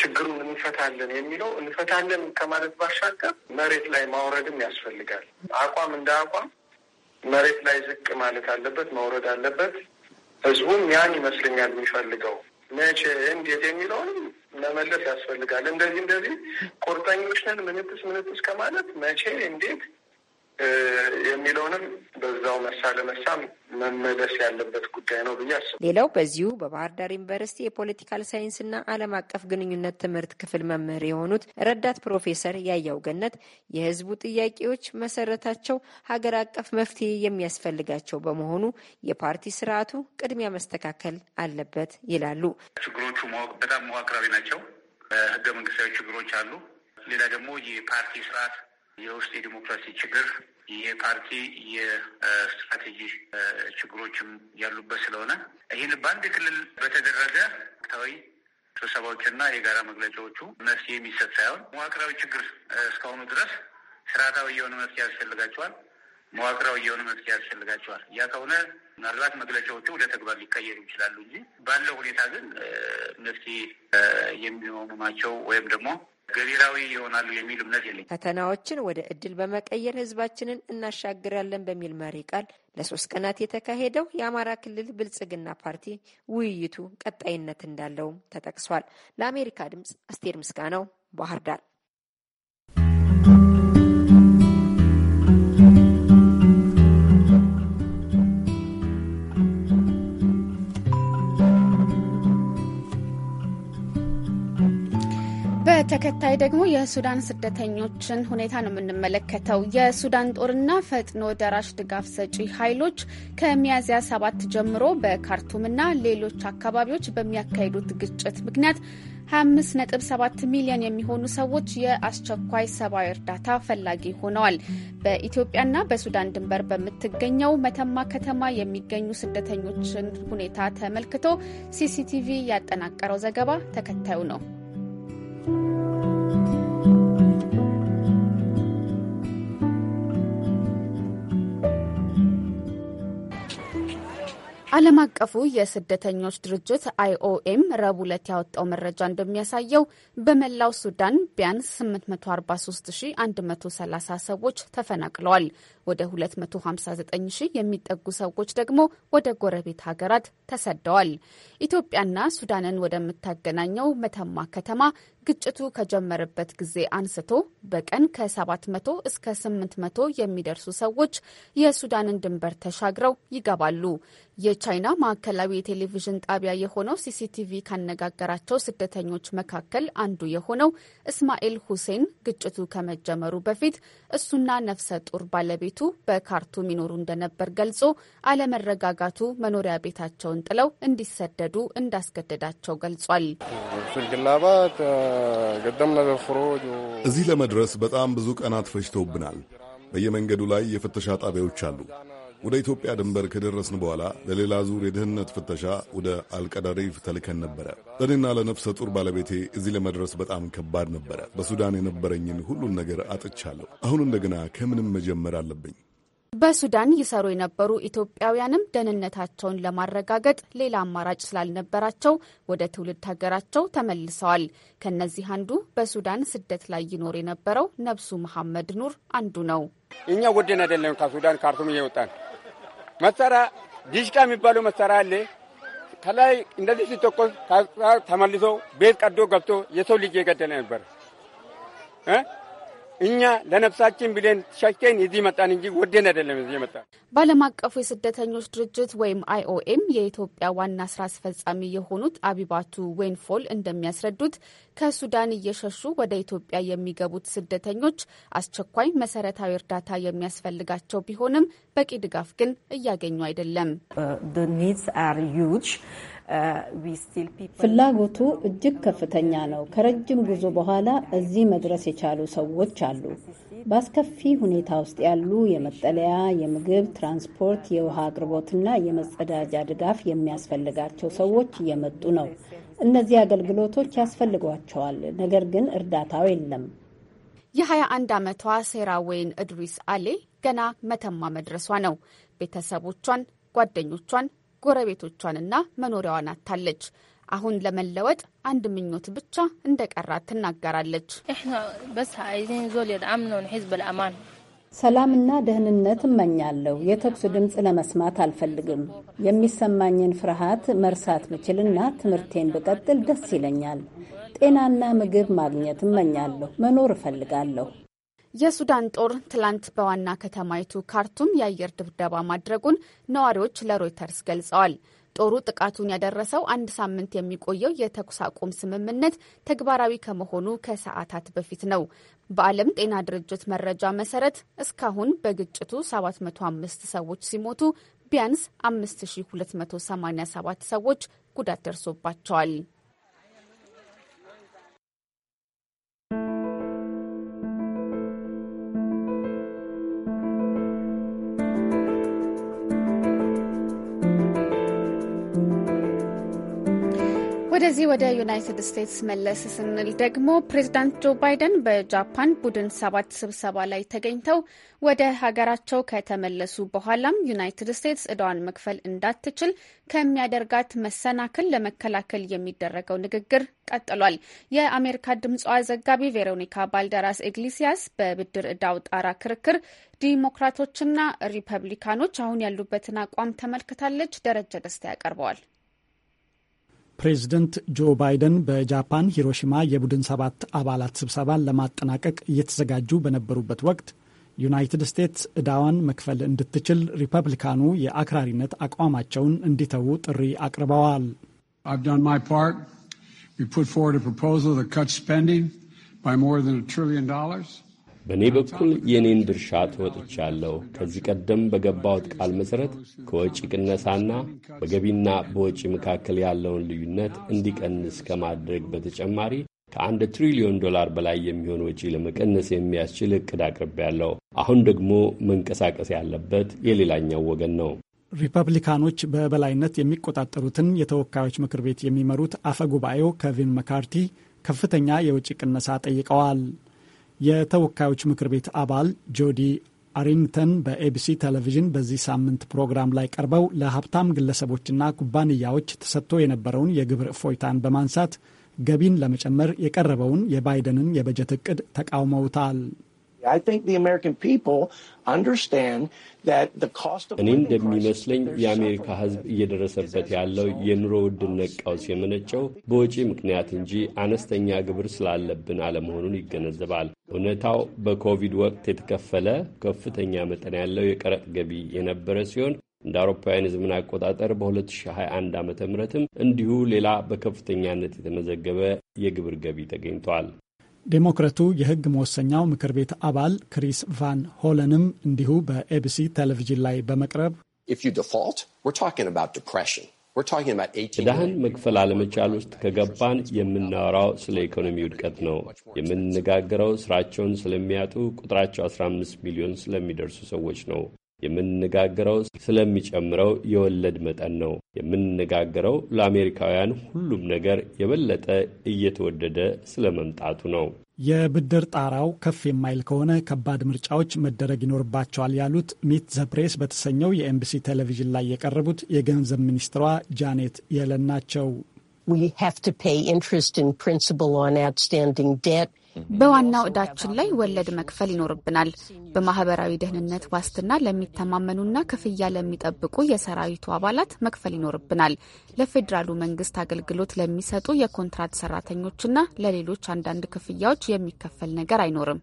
ችግሩን እንፈታለን የሚለው እንፈታለን ከማለት ባሻገር መሬት ላይ ማውረድም ያስፈልጋል። አቋም እንደ አቋም መሬት ላይ ዝቅ ማለት አለበት፣ ማውረድ አለበት። ህዝቡም ያን ይመስለኛል የሚፈልገው። መቼ እንዴት የሚለውን መመለስ ያስፈልጋል። እንደዚህ እንደዚህ ቁርጠኞች ነን ምንጥስ ምንጥስ ከማለት መቼ እንዴት የሚለውንም በዛው መሳ ለመሳ መመለስ ያለበት ጉዳይ ነው ብዬ አስብ። ሌላው በዚሁ በባህር ዳር ዩኒቨርሲቲ የፖለቲካል ሳይንስና ዓለም አቀፍ ግንኙነት ትምህርት ክፍል መምህር የሆኑት ረዳት ፕሮፌሰር ያያው ገነት የህዝቡ ጥያቄዎች መሰረታቸው ሀገር አቀፍ መፍትሄ የሚያስፈልጋቸው በመሆኑ የፓርቲ ስርዓቱ ቅድሚያ መስተካከል አለበት ይላሉ። ችግሮቹ በጣም መዋቅራዊ ናቸው። ህገ መንግስታዊ ችግሮች አሉ። ሌላ ደግሞ የፓርቲ ስርዓት የውስጥ የዲሞክራሲ ችግር የፓርቲ የስትራቴጂ ችግሮችም ያሉበት ስለሆነ ይህን በአንድ ክልል በተደረገ ወቅታዊ ስብሰባዎችና የጋራ መግለጫዎቹ መፍትሄ የሚሰጥ ሳይሆን መዋቅራዊ ችግር እስካሁኑ ድረስ ስርዓታዊ የሆነ መፍትሄ ያስፈልጋቸዋል። መዋቅራዊ የሆነ መፍትሄ ያስፈልጋቸዋል። ያ ከሆነ ምናልባት መግለጫዎቹ ወደ ተግባር ሊቀየሩ ይችላሉ እንጂ ባለው ሁኔታ ግን መፍትሄ የሚሆኑ ናቸው ወይም ደግሞ ገቢራዊ ይሆናሉ የሚል እምነት የለኝ። ፈተናዎችን ወደ እድል በመቀየር ህዝባችንን እናሻግራለን በሚል መሪ ቃል ለሶስት ቀናት የተካሄደው የአማራ ክልል ብልጽግና ፓርቲ ውይይቱ ቀጣይነት እንዳለውም ተጠቅሷል። ለአሜሪካ ድምጽ አስቴር ምስጋናው ባህር ዳር። ተከታይ ደግሞ የሱዳን ስደተኞችን ሁኔታ ነው የምንመለከተው። የሱዳን ጦርና ፈጥኖ ደራሽ ድጋፍ ሰጪ ኃይሎች ከሚያዝያ ሰባት ጀምሮ በካርቱምና ሌሎች አካባቢዎች በሚያካሂዱት ግጭት ምክንያት 25.7 ሚሊዮን የሚሆኑ ሰዎች የአስቸኳይ ሰብአዊ እርዳታ ፈላጊ ሆነዋል። በኢትዮጵያና በሱዳን ድንበር በምትገኘው መተማ ከተማ የሚገኙ ስደተኞችን ሁኔታ ተመልክቶ ሲሲቲቪ ያጠናቀረው ዘገባ ተከታዩ ነው። ዓለም አቀፉ የስደተኞች ድርጅት አይኦኤም ረቡዕ ዕለት ያወጣው መረጃ እንደሚያሳየው በመላው ሱዳን ቢያንስ 843130 ሰዎች ተፈናቅለዋል። ወደ 259 ሺህ የሚጠጉ ሰዎች ደግሞ ወደ ጎረቤት ሀገራት ተሰደዋል። ኢትዮጵያና ሱዳንን ወደምታገናኘው መተማ ከተማ ግጭቱ ከጀመረበት ጊዜ አንስቶ በቀን ከ700 እስከ 800 የሚደርሱ ሰዎች የሱዳንን ድንበር ተሻግረው ይገባሉ። የቻይና ማዕከላዊ የቴሌቪዥን ጣቢያ የሆነው ሲሲቲቪ ካነጋገራቸው ስደተኞች መካከል አንዱ የሆነው እስማኤል ሁሴን ግጭቱ ከመጀመሩ በፊት እሱና ነፍሰ ጡር ባለቤቱ በካርቱም ይኖሩ እንደነበር ገልጾ አለመረጋጋቱ መኖሪያ ቤታቸውን ጥለው እንዲሰደዱ እንዳስገደዳቸው ገልጿል። እዚህ ለመድረስ በጣም ብዙ ቀናት ፈጅተውብናል። በየመንገዱ ላይ የፍተሻ ጣቢያዎች አሉ። ወደ ኢትዮጵያ ድንበር ከደረስን በኋላ ለሌላ ዙር የደህንነት ፍተሻ ወደ አልቀዳሪፍ ተልከን ነበረ። ለእኔና ለነፍሰ ጡር ባለቤቴ እዚህ ለመድረስ በጣም ከባድ ነበረ። በሱዳን የነበረኝን ሁሉን ነገር አጥቻለሁ። አሁን እንደገና ከምንም መጀመር አለብኝ። በሱዳን ይሰሩ የነበሩ ኢትዮጵያውያንም ደህንነታቸውን ለማረጋገጥ ሌላ አማራጭ ስላልነበራቸው ወደ ትውልድ ሀገራቸው ተመልሰዋል። ከነዚህ አንዱ በሱዳን ስደት ላይ ይኖር የነበረው ነብሱ መሐመድ ኑር አንዱ ነው። እኛ ወደን አይደለም ከሱዳን ካርቱም እየወጣን መሳሪያ ዲሽቃ የሚባለው መሳሪያ አለ ከላይ እንደዚህ ሲተኮስ ተመልሶ ቤት ቀዶ ገብቶ የሰው ልጅ የገደለ ነበር። እኛ ለነፍሳችን ብለን ሸሽተን እዚህ መጣን እንጂ ወደን አይደለም እዚህ መጣን። በዓለም አቀፉ የስደተኞች ድርጅት ወይም አይኦኤም የኢትዮጵያ ዋና ስራ አስፈጻሚ የሆኑት አቢባቱ ዌንፎል እንደሚያስረዱት ከሱዳን እየሸሹ ወደ ኢትዮጵያ የሚገቡት ስደተኞች አስቸኳይ መሰረታዊ እርዳታ የሚያስፈልጋቸው ቢሆንም በቂ ድጋፍ ግን እያገኙ አይደለም። uh, ፍላጎቱ እጅግ ከፍተኛ ነው። ከረጅም ጉዞ በኋላ እዚህ መድረስ የቻሉ ሰዎች አሉ። በአስከፊ ሁኔታ ውስጥ ያሉ የመጠለያ፣ የምግብ፣ ትራንስፖርት፣ የውሃ አቅርቦትና የመጸዳጃ ድጋፍ የሚያስፈልጋቸው ሰዎች እየመጡ ነው። እነዚህ አገልግሎቶች ያስፈልጓቸዋል፣ ነገር ግን እርዳታው የለም። የ21 ዓመቷ ሴራ ወይን እድሪስ አሌ ገና መተማ መድረሷ ነው። ቤተሰቦቿን ጓደኞቿን ጎረቤቶቿንና መኖሪያዋን አታለች። አሁን ለመለወጥ አንድ ምኞት ብቻ እንደቀራ ትናገራለች። ሰላምና ደህንነት እመኛለሁ። የተኩስ ድምፅ ለመስማት አልፈልግም። የሚሰማኝን ፍርሃት መርሳት ብችልና ትምህርቴን ብቀጥል ደስ ይለኛል። ጤናና ምግብ ማግኘት እመኛለሁ። መኖር እፈልጋለሁ። የሱዳን ጦር ትላንት በዋና ከተማይቱ ካርቱም የአየር ድብደባ ማድረጉን ነዋሪዎች ለሮይተርስ ገልጸዋል። ጦሩ ጥቃቱን ያደረሰው አንድ ሳምንት የሚቆየው የተኩስ አቁም ስምምነት ተግባራዊ ከመሆኑ ከሰዓታት በፊት ነው። በዓለም ጤና ድርጅት መረጃ መሰረት እስካሁን በግጭቱ 705 ሰዎች ሲሞቱ ቢያንስ 5287 ሰዎች ጉዳት ደርሶባቸዋል። ወደዚህ ወደ ዩናይትድ ስቴትስ መለስ ስንል ደግሞ ፕሬዚዳንት ጆ ባይደን በጃፓን ቡድን ሰባት ስብሰባ ላይ ተገኝተው ወደ ሀገራቸው ከተመለሱ በኋላም ዩናይትድ ስቴትስ እዳዋን መክፈል እንዳትችል ከሚያደርጋት መሰናክል ለመከላከል የሚደረገው ንግግር ቀጥሏል። የአሜሪካ ድምጿ ዘጋቢ ቬሮኒካ ባልደራስ ኤግሊሲያስ በብድር እዳው ጣራ ክርክር ዲሞክራቶችና ሪፐብሊካኖች አሁን ያሉበትን አቋም ተመልክታለች። ደረጀ ደስታ ያቀርበዋል። ፕሬዚደንት ጆ ባይደን በጃፓን ሂሮሺማ የቡድን ሰባት አባላት ስብሰባን ለማጠናቀቅ እየተዘጋጁ በነበሩበት ወቅት ዩናይትድ ስቴትስ ዕዳዋን መክፈል እንድትችል ሪፐብሊካኑ የአክራሪነት አቋማቸውን እንዲተዉ ጥሪ አቅርበዋል። ፕሮፖዛል በእኔ በኩል የእኔን ድርሻ ተወጥቻለሁ። ከዚህ ቀደም በገባሁት ቃል መሠረት ከወጪ ቅነሳና በገቢና በወጪ መካከል ያለውን ልዩነት እንዲቀንስ ከማድረግ በተጨማሪ ከአንድ ትሪሊዮን ዶላር በላይ የሚሆን ወጪ ለመቀነስ የሚያስችል እቅድ አቅርቤያለሁ። አሁን ደግሞ መንቀሳቀስ ያለበት የሌላኛው ወገን ነው። ሪፐብሊካኖች በበላይነት የሚቆጣጠሩትን የተወካዮች ምክር ቤት የሚመሩት አፈ ጉባኤው ከቪን መካርቲ ከፍተኛ የውጭ ቅነሳ ጠይቀዋል። የተወካዮች ምክር ቤት አባል ጆዲ አሪንግተን በኤቢሲ ቴሌቪዥን በዚህ ሳምንት ፕሮግራም ላይ ቀርበው ለሀብታም ግለሰቦችና ኩባንያዎች ተሰጥቶ የነበረውን የግብር እፎይታን በማንሳት ገቢን ለመጨመር የቀረበውን የባይደንን የበጀት እቅድ ተቃውመውታል። እኔ እንደሚመስለኝ የአሜሪካ ሕዝብ እየደረሰበት ያለው የኑሮ ውድነት ቀውስ የመነጨው በውጪ ምክንያት እንጂ አነስተኛ ግብር ስላለብን አለመሆኑን ይገነዘባል። እውነታው በኮቪድ ወቅት የተከፈለ ከፍተኛ መጠን ያለው የቀረጥ ገቢ የነበረ ሲሆን እንደ አውሮፓውያን የዘመን አቆጣጠር በ2021 ምትም እንዲሁ ሌላ በከፍተኛነት የተመዘገበ የግብር ገቢ ተገኝቷል። ዴሞክራቱ የህግ መወሰኛው ምክር ቤት አባል ክሪስ ቫን ሆለንም እንዲሁ በኤቢሲ ቴሌቪዥን ላይ በመቅረብ ዕዳህን መክፈል አለመቻል ውስጥ ከገባን የምናወራው ስለ ኢኮኖሚ ውድቀት ነው። የምንነጋገረው ስራቸውን ስለሚያጡ ቁጥራቸው 15 ሚሊዮን ስለሚደርሱ ሰዎች ነው። የምንነጋገረው ስለሚጨምረው የወለድ መጠን ነው። የምንነጋገረው ለአሜሪካውያን ሁሉም ነገር የበለጠ እየተወደደ ስለመምጣቱ ነው። የብድር ጣራው ከፍ የማይል ከሆነ ከባድ ምርጫዎች መደረግ ይኖርባቸዋል ያሉት ሚት ዘፕሬስ በተሰኘው የኤምቢሲ ቴሌቪዥን ላይ የቀረቡት የገንዘብ ሚኒስትሯ ጃኔት የለን ናቸው። We have to pay interest in principal on outstanding debt. Mm-hmm. በዋናው ዕዳችን ላይ ወለድ መክፈል ይኖርብናል። በማህበራዊ ደህንነት ዋስትና ለሚተማመኑና ክፍያ ለሚጠብቁ የሰራዊቱ አባላት መክፈል ይኖርብናል። ለፌዴራሉ መንግስት አገልግሎት ለሚሰጡ የኮንትራት ሰራተኞችና ለሌሎች አንዳንድ ክፍያዎች የሚከፈል ነገር አይኖርም።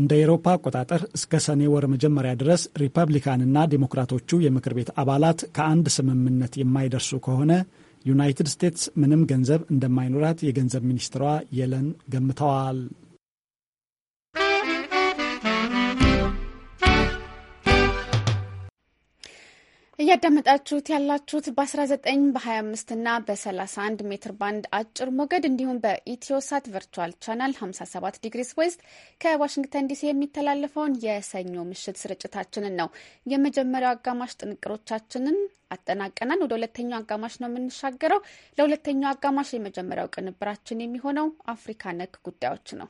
እንደ አውሮፓ አቆጣጠር እስከ ሰኔ ወር መጀመሪያ ድረስ ሪፐብሊካንና ዴሞክራቶቹ የምክር ቤት አባላት ከአንድ ስምምነት የማይደርሱ ከሆነ ዩናይትድ ስቴትስ ምንም ገንዘብ እንደማይኖራት የገንዘብ ሚኒስትሯ የለን ገምተዋል። እያዳመጣችሁት ያላችሁት በ19 በ25 እና በ31 ሜትር ባንድ አጭር ሞገድ እንዲሁም በኢትዮሳት ቨርቹዋል ቻናል 57 ዲግሪስ ዌስት ከዋሽንግተን ዲሲ የሚተላለፈውን የሰኞ ምሽት ስርጭታችንን ነው። የመጀመሪያው አጋማሽ ጥንቅሮቻችንን አጠናቀናን ወደ ሁለተኛው አጋማሽ ነው የምንሻገረው። ለሁለተኛው አጋማሽ የመጀመሪያው ቅንብራችን የሚሆነው አፍሪካ ነክ ጉዳዮች ነው።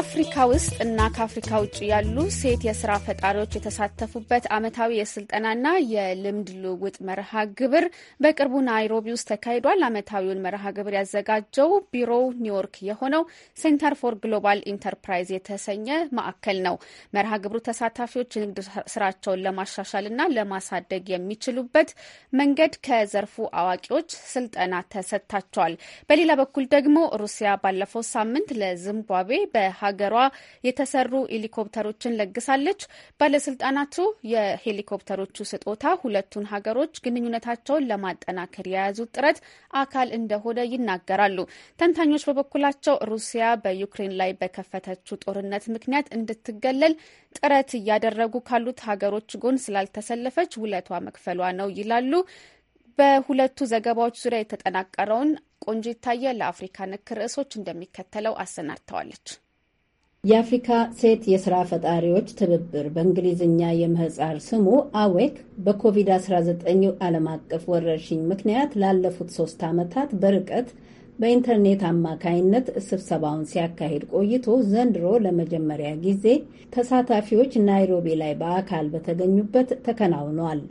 አፍሪካ ውስጥ እና ከአፍሪካ ውጭ ያሉ ሴት የስራ ፈጣሪዎች የተሳተፉበት ዓመታዊ የስልጠናና የልምድ ልውውጥ መርሃ ግብር በቅርቡ ናይሮቢ ውስጥ ተካሂዷል። ዓመታዊውን መርሃ ግብር ያዘጋጀው ቢሮው ኒውዮርክ የሆነው ሴንተር ፎር ግሎባል ኢንተርፕራይዝ የተሰኘ ማዕከል ነው። መርሃ ግብሩ ተሳታፊዎች የንግድ ስራቸውን ለማሻሻልና ለማሳደግ የሚችሉበት መንገድ ከዘርፉ አዋቂዎች ስልጠና ተሰጥታቸዋል። በሌላ በኩል ደግሞ ሩሲያ ባለፈው ሳምንት ለዚምባብዌ በ ሀገሯ የተሰሩ ሄሊኮፕተሮችን ለግሳለች። ባለስልጣናቱ የሄሊኮፕተሮቹ ስጦታ ሁለቱን ሀገሮች ግንኙነታቸውን ለማጠናከር የያዙት ጥረት አካል እንደሆነ ይናገራሉ። ተንታኞች በበኩላቸው ሩሲያ በዩክሬን ላይ በከፈተችው ጦርነት ምክንያት እንድትገለል ጥረት እያደረጉ ካሉት ሀገሮች ጎን ስላልተሰለፈች ውለቷ መክፈሏ ነው ይላሉ። በሁለቱ ዘገባዎች ዙሪያ የተጠናቀረውን ቆንጆ ይታየ ለአፍሪካ ንክ ርዕሶች እንደሚከተለው አሰናድተዋለች። የአፍሪካ ሴት የስራ ፈጣሪዎች ትብብር በእንግሊዝኛ የምህፃር ስሙ አዌክ በኮቪድ-19 ዓለም አቀፍ ወረርሽኝ ምክንያት ላለፉት ሶስት ዓመታት በርቀት በኢንተርኔት አማካይነት ስብሰባውን ሲያካሂድ ቆይቶ ዘንድሮ ለመጀመሪያ ጊዜ ተሳታፊዎች ናይሮቢ ላይ በአካል በተገኙበት ተከናውኗል።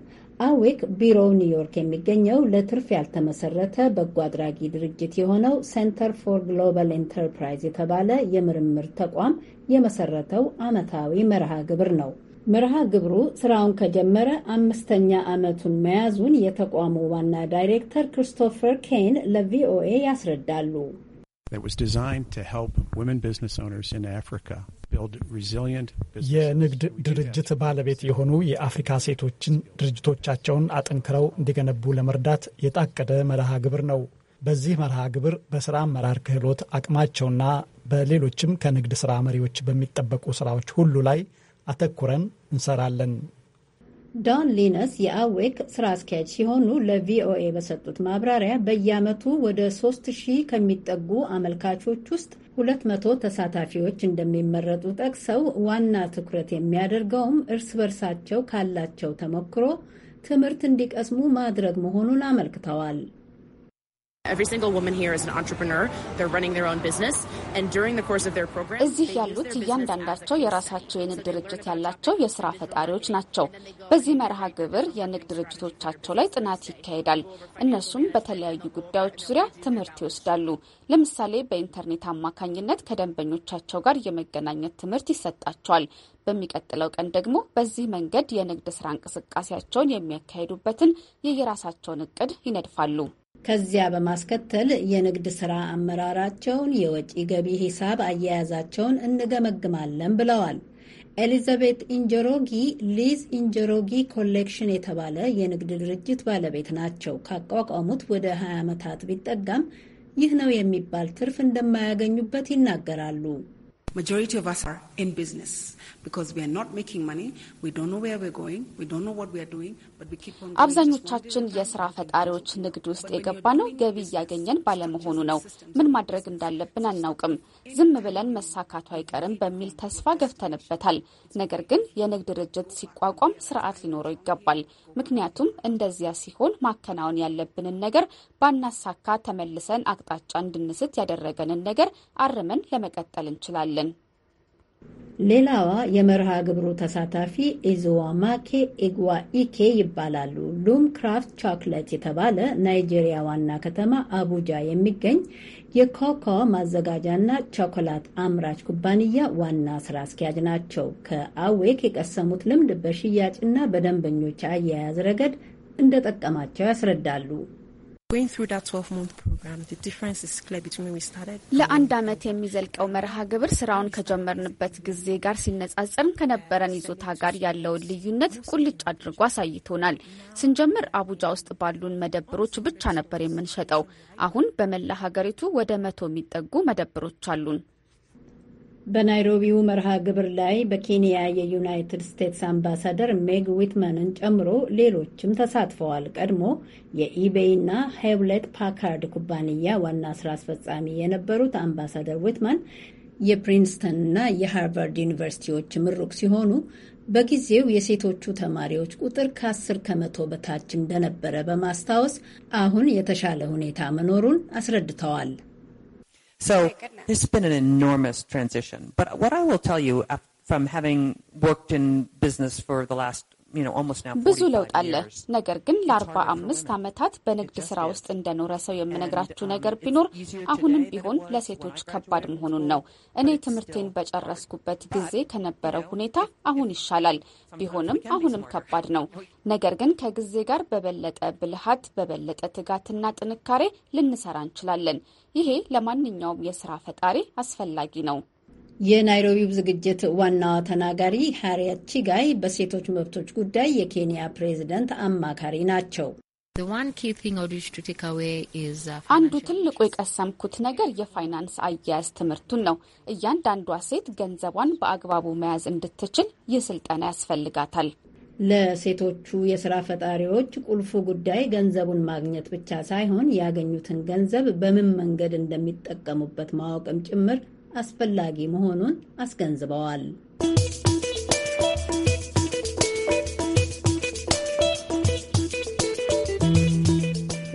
አዌክ ቢሮው ኒውዮርክ የሚገኘው ለትርፍ ያልተመሰረተ በጎ አድራጊ ድርጅት የሆነው ሴንተር ፎር ግሎባል ኢንተርፕራይዝ የተባለ የምርምር ተቋም የመሰረተው ዓመታዊ መርሃ ግብር ነው። መርሃ ግብሩ ስራውን ከጀመረ አምስተኛ ዓመቱን መያዙን የተቋሙ ዋና ዳይሬክተር ክሪስቶፈር ኬን ለቪኦኤ ያስረዳሉ። የንግድ ድርጅት ባለቤት የሆኑ የአፍሪካ ሴቶችን ድርጅቶቻቸውን አጠንክረው እንዲገነቡ ለመርዳት የታቀደ መርሃ ግብር ነው። በዚህ መርሃ ግብር በስራ አመራር ክህሎት አቅማቸውና በሌሎችም ከንግድ ስራ መሪዎች በሚጠበቁ ስራዎች ሁሉ ላይ አተኩረን እንሰራለን። ዶን ሊነስ የአዌክ ስራ አስኪያጅ ሲሆኑ ለቪኦኤ በሰጡት ማብራሪያ በየዓመቱ ወደ ሶስት ሺህ ከሚጠጉ አመልካቾች ውስጥ ሁለት መቶ ተሳታፊዎች እንደሚመረጡ ጠቅሰው ዋና ትኩረት የሚያደርገውም እርስ በርሳቸው ካላቸው ተሞክሮ ትምህርት እንዲቀስሙ ማድረግ መሆኑን አመልክተዋል። እዚህ ያሉት እያንዳንዳቸው የራሳቸው የንግድ ድርጅት ያላቸው የስራ ፈጣሪዎች ናቸው። በዚህ መርሃ ግብር የንግድ ድርጅቶቻቸው ላይ ጥናት ይካሄዳል። እነሱም በተለያዩ ጉዳዮች ዙሪያ ትምህርት ይወስዳሉ። ለምሳሌ በኢንተርኔት አማካኝነት ከደንበኞቻቸው ጋር የመገናኘት ትምህርት ይሰጣቸዋል። በሚቀጥለው ቀን ደግሞ በዚህ መንገድ የንግድ ስራ እንቅስቃሴያቸውን የሚያካሂዱበትን የየራሳቸውን እቅድ ይነድፋሉ። ከዚያ በማስከተል የንግድ ሥራ አመራራቸውን የወጪ ገቢ ሂሳብ አያያዛቸውን እንገመግማለን ብለዋል። ኤሊዛቤት ኢንጀሮጊ ሊዝ ኢንጀሮጊ ኮሌክሽን የተባለ የንግድ ድርጅት ባለቤት ናቸው። ካቋቋሙት ወደ 20 ዓመታት ቢጠጋም ይህ ነው የሚባል ትርፍ እንደማያገኙበት ይናገራሉ። አብዛኞቻችን የስራ ፈጣሪዎች ንግድ ውስጥ የገባ ነው ገቢ እያገኘን ባለመሆኑ ነው። ምን ማድረግ እንዳለብን አናውቅም። ዝም ብለን መሳካቱ አይቀርም በሚል ተስፋ ገፍተንበታል። ነገር ግን የንግድ ድርጅት ሲቋቋም ስርዓት ሊኖረው ይገባል። ምክንያቱም እንደዚያ ሲሆን ማከናወን ያለብንን ነገር ባናሳካ ተመልሰን አቅጣጫ እንድንስት ያደረገንን ነገር አርመን ለመቀጠል እንችላለን። ሌላዋ የመርሃ ግብሩ ተሳታፊ ኢዝዋማኬ ኤግዋኢኬ ይባላሉ። ሉም ክራፍት ቾክሌት የተባለ ናይጄሪያ ዋና ከተማ አቡጃ የሚገኝ የኮኮ ማዘጋጃና ቾኮላት አምራች ኩባንያ ዋና ስራ አስኪያጅ ናቸው። ከአዌክ የቀሰሙት ልምድ በሽያጭና በደንበኞች አያያዝ ረገድ እንደጠቀማቸው ያስረዳሉ። ለአንድ ዓመት የሚዘልቀው መርሃ ግብር ስራውን ከጀመርንበት ጊዜ ጋር ሲነጻጸር ከነበረን ይዞታ ጋር ያለውን ልዩነት ቁልጭ አድርጎ አሳይቶናል። ስንጀምር አቡጃ ውስጥ ባሉን መደብሮች ብቻ ነበር የምንሸጠው። አሁን በመላ ሀገሪቱ ወደ መቶ የሚጠጉ መደብሮች አሉን። በናይሮቢው መርሃ ግብር ላይ በኬንያ የዩናይትድ ስቴትስ አምባሳደር ሜግ ዊትመንን ጨምሮ ሌሎችም ተሳትፈዋል። ቀድሞ የኢቤይ እና ሄውሌት ፓካርድ ኩባንያ ዋና ስራ አስፈጻሚ የነበሩት አምባሳደር ዊትመን የፕሪንስተን እና የሃርቫርድ ዩኒቨርሲቲዎች ምሩቅ ሲሆኑ በጊዜው የሴቶቹ ተማሪዎች ቁጥር ከአስር ከመቶ በታች እንደነበረ በማስታወስ አሁን የተሻለ ሁኔታ መኖሩን አስረድተዋል። So there's been an enormous transition. But what I will tell you uh, from having worked in business for the last ብዙ ለውጥ አለ። ነገር ግን ለአርባ አምስት ዓመታት በንግድ ስራ ውስጥ እንደኖረ ሰው uh, የምነግራችሁ ነገር ቢኖር አሁንም ቢሆን ለሴቶች ከባድ መሆኑን ነው። እኔ ትምህርቴን በጨረስኩበት ጊዜ ከነበረው ሁኔታ አሁን ይሻላል። ቢሆንም አሁንም ከባድ ነው። ነገር ግን ከጊዜ ጋር በበለጠ ብልሃት፣ በበለጠ ትጋትና ጥንካሬ ልንሰራ እንችላለን። ይሄ ለማንኛውም የስራ ፈጣሪ አስፈላጊ ነው። የናይሮቢው ዝግጅት ዋና ተናጋሪ ሃሪየት ቺጋይ በሴቶች መብቶች ጉዳይ የኬንያ ፕሬዝደንት አማካሪ ናቸው። uh, አንዱ ትልቁ የቀሰምኩት ነገር የፋይናንስ አያያዝ ትምህርቱን ነው። እያንዳንዷ ሴት ገንዘቧን በአግባቡ መያዝ እንድትችል ይህ ስልጠና ያስፈልጋታል። ለሴቶቹ የስራ ፈጣሪዎች ቁልፉ ጉዳይ ገንዘቡን ማግኘት ብቻ ሳይሆን ያገኙትን ገንዘብ በምን መንገድ እንደሚጠቀሙበት ማወቅም ጭምር አስፈላጊ መሆኑን አስገንዝበዋል።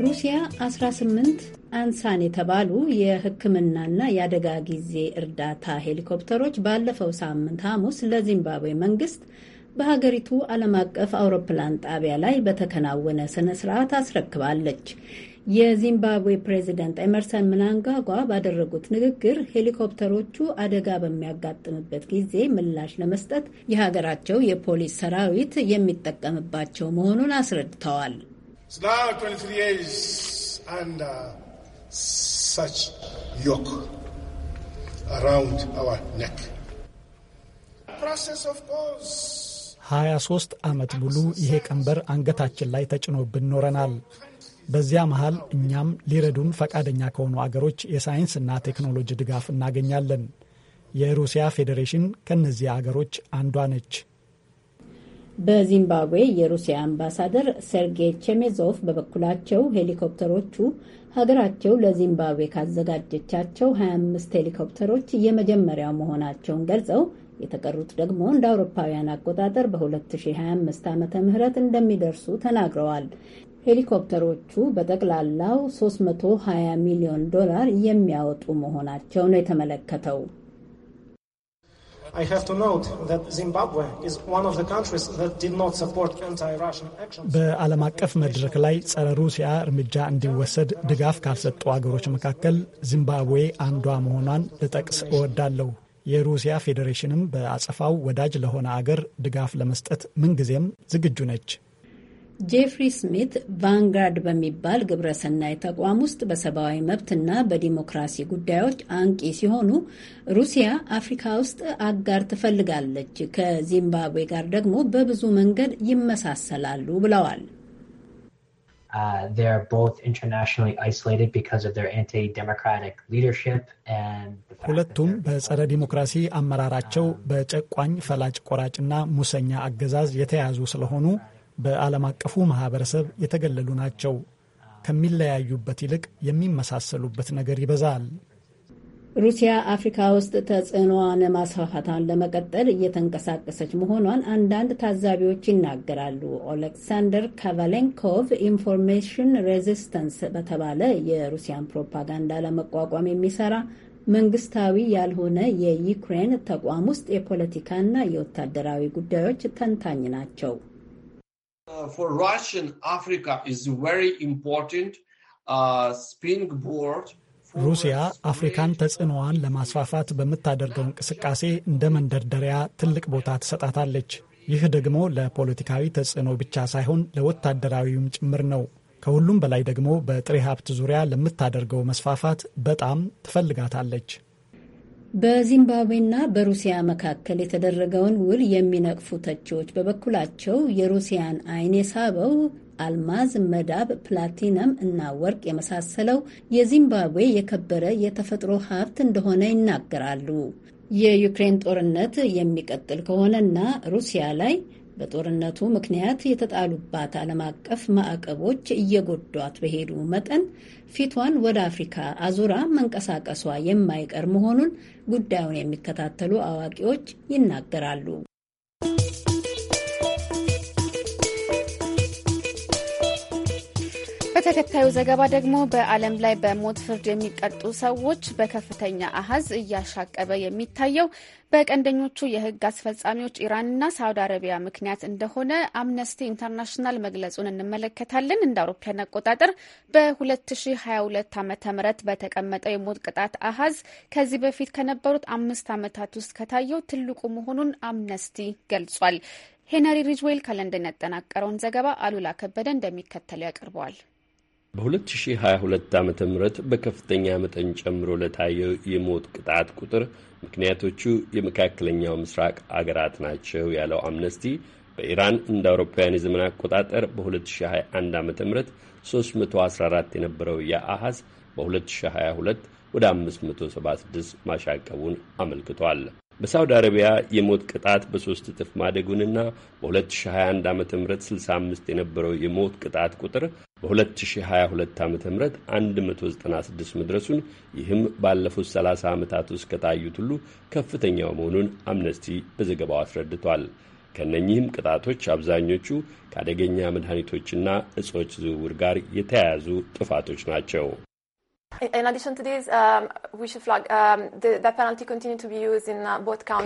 ሩሲያ 18 አንሳን የተባሉ የሕክምናና የአደጋ ጊዜ እርዳታ ሄሊኮፕተሮች ባለፈው ሳምንት ሐሙስ ለዚምባብዌ መንግስት በሀገሪቱ ዓለም አቀፍ አውሮፕላን ጣቢያ ላይ በተከናወነ ስነ ስርዓት አስረክባለች። የዚምባብዌ ፕሬዚደንት ኤመርሰን ምናንጋጓ ባደረጉት ንግግር ሄሊኮፕተሮቹ አደጋ በሚያጋጥምበት ጊዜ ምላሽ ለመስጠት የሀገራቸው የፖሊስ ሰራዊት የሚጠቀምባቸው መሆኑን አስረድተዋል። uh, ሀያ ሶስት ዓመት ሙሉ ይሄ ቀንበር አንገታችን ላይ ተጭኖብን ኖረናል። በዚያ መሃል እኛም ሊረዱን ፈቃደኛ ከሆኑ አገሮች የሳይንስና ቴክኖሎጂ ድጋፍ እናገኛለን። የሩሲያ ፌዴሬሽን ከእነዚህ አገሮች አንዷ ነች። በዚምባብዌ የሩሲያ አምባሳደር ሴርጌይ ቼሜዞቭ በበኩላቸው ሄሊኮፕተሮቹ ሀገራቸው ለዚምባብዌ ካዘጋጀቻቸው 25 ሄሊኮፕተሮች የመጀመሪያው መሆናቸውን ገልጸው የተቀሩት ደግሞ እንደ አውሮፓውያን አቆጣጠር በ2025 ዓ ም እንደሚደርሱ ተናግረዋል። ሄሊኮፕተሮቹ በጠቅላላው 320 ሚሊዮን ዶላር የሚያወጡ መሆናቸው ነው የተመለከተው። በዓለም አቀፍ መድረክ ላይ ጸረ ሩሲያ እርምጃ እንዲወሰድ ድጋፍ ካልሰጡ አገሮች መካከል ዚምባብዌ አንዷ መሆኗን ልጠቅስ እወዳለሁ። የሩሲያ ፌዴሬሽንም በአጸፋው ወዳጅ ለሆነ አገር ድጋፍ ለመስጠት ምንጊዜም ዝግጁ ነች። ጄፍሪ ስሚት ቫንጋርድ በሚባል ግብረሰናይ ተቋም ውስጥ በሰብአዊ መብትና በዲሞክራሲ ጉዳዮች አንቂ ሲሆኑ ሩሲያ አፍሪካ ውስጥ አጋር ትፈልጋለች፣ ከዚምባብዌ ጋር ደግሞ በብዙ መንገድ ይመሳሰላሉ ብለዋል። uh, ሁለቱም በጸረ ዲሞክራሲ አመራራቸው በጨቋኝ ፈላጭ ቆራጭና ሙሰኛ አገዛዝ የተያዙ ስለሆኑ በዓለም አቀፉ ማህበረሰብ የተገለሉ ናቸው። ከሚለያዩበት ይልቅ የሚመሳሰሉበት ነገር ይበዛል። ሩሲያ አፍሪካ ውስጥ ተጽዕኖዋን ማስፋፋቷን ለመቀጠል እየተንቀሳቀሰች መሆኗን አንዳንድ ታዛቢዎች ይናገራሉ። ኦሌክሳንደር ካቫሌንኮቭ ኢንፎርሜሽን ሬዚስተንስ በተባለ የሩሲያን ፕሮፓጋንዳ ለመቋቋም የሚሰራ መንግስታዊ ያልሆነ የዩክሬን ተቋም ውስጥ የፖለቲካና የወታደራዊ ጉዳዮች ተንታኝ ናቸው። Uh, for Russian, Africa is very important uh, springboard. ሩሲያ አፍሪካን ተጽዕኖዋን ለማስፋፋት በምታደርገው እንቅስቃሴ እንደ መንደርደሪያ ትልቅ ቦታ ትሰጣታለች። ይህ ደግሞ ለፖለቲካዊ ተጽዕኖ ብቻ ሳይሆን ለወታደራዊውም ጭምር ነው። ከሁሉም በላይ ደግሞ በጥሬ ሀብት ዙሪያ ለምታደርገው መስፋፋት በጣም ትፈልጋታለች። በዚምባብዌና በሩሲያ መካከል የተደረገውን ውል የሚነቅፉ ተቺዎች በበኩላቸው የሩሲያን ዓይን የሳበው አልማዝ፣ መዳብ፣ ፕላቲነም እና ወርቅ የመሳሰለው የዚምባብዌ የከበረ የተፈጥሮ ሀብት እንደሆነ ይናገራሉ። የዩክሬን ጦርነት የሚቀጥል ከሆነና ሩሲያ ላይ በጦርነቱ ምክንያት የተጣሉባት ዓለም አቀፍ ማዕቀቦች እየጎዷት በሄዱ መጠን ፊቷን ወደ አፍሪካ አዙራ መንቀሳቀሷ የማይቀር መሆኑን ጉዳዩን የሚከታተሉ አዋቂዎች ይናገራሉ። ተከታዩ ዘገባ ደግሞ በዓለም ላይ በሞት ፍርድ የሚቀጡ ሰዎች በከፍተኛ አሀዝ እያሻቀበ የሚታየው በቀንደኞቹ የሕግ አስፈጻሚዎች ኢራንና ሳውዲ አረቢያ ምክንያት እንደሆነ አምነስቲ ኢንተርናሽናል መግለጹን እንመለከታለን። እንደ አውሮፓውያን አቆጣጠር በ2022 ዓ ም በተቀመጠው የሞት ቅጣት አሀዝ ከዚህ በፊት ከነበሩት አምስት ዓመታት ውስጥ ከታየው ትልቁ መሆኑን አምነስቲ ገልጿል። ሄነሪ ሪጅዌል ከለንደን ያጠናቀረውን ዘገባ አሉላ ከበደ እንደሚከተለው ያቀርበዋል። በ2022 ዓ ም በከፍተኛ መጠን ጨምሮ ለታየው የሞት ቅጣት ቁጥር ምክንያቶቹ የመካከለኛው ምስራቅ አገራት ናቸው ያለው አምነስቲ በኢራን እንደ አውሮፓውያን የዘመን አቆጣጠር በ2021 ዓ ም 314 የነበረው የአሐዝ በ2022 ወደ 576 ማሻቀቡን አመልክቷል። በሳውዲ አረቢያ የሞት ቅጣት በሶስት እጥፍ ማደጉንና በ2021 ዓ ም 65 የነበረው የሞት ቅጣት ቁጥር በ2022 ዓ ም 196 መድረሱን ይህም ባለፉት 30 ዓመታት ውስጥ ከታዩት ሁሉ ከፍተኛው መሆኑን አምነስቲ በዘገባው አስረድቷል። ከእነኚህም ቅጣቶች አብዛኞቹ ከአደገኛ መድኃኒቶችና እጾች ዝውውር ጋር የተያያዙ ጥፋቶች ናቸው።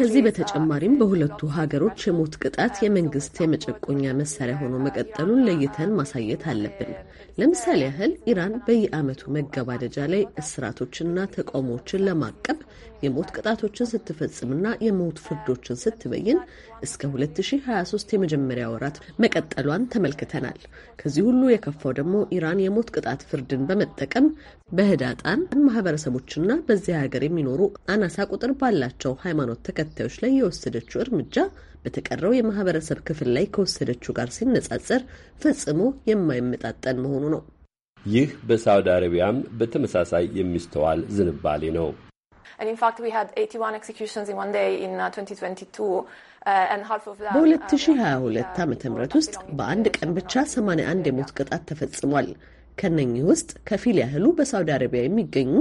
ከዚህ uh, በተጨማሪም በሁለቱ ሀገሮች የሞት ቅጣት የመንግስት የመጨቆኛ መሳሪያ ሆኖ መቀጠሉን ለይተን ማሳየት አለብን። ለምሳሌ ያህል ኢራን በየዓመቱ መገባደጃ ላይ እስራቶችንና ተቃውሞዎችን ለማቀብ የሞት ቅጣቶችን ስትፈጽምና የሞት ፍርዶችን ስትበይን እስከ 2023 የመጀመሪያ ወራት መቀጠሏን ተመልክተናል። ከዚህ ሁሉ የከፋው ደግሞ ኢራን የሞት ቅጣት ፍርድን በመጠቀም በ በህዳጣን ማህበረሰቦችና በዚህ ሀገር የሚኖሩ አናሳ ቁጥር ባላቸው ሃይማኖት ተከታዮች ላይ የወሰደችው እርምጃ በተቀረው የማህበረሰብ ክፍል ላይ ከወሰደችው ጋር ሲነጻጸር ፈጽሞ የማይመጣጠን መሆኑ ነው። ይህ በሳውዲ አረቢያም በተመሳሳይ የሚስተዋል ዝንባሌ ነው። uh, uh, uh, በ2022 ዓ ም ውስጥ በአንድ ቀን ብቻ 81 የሞት ቅጣት ተፈጽሟል። ከነኚህ ውስጥ ከፊል ያህሉ በሳውዲ አረቢያ የሚገኙ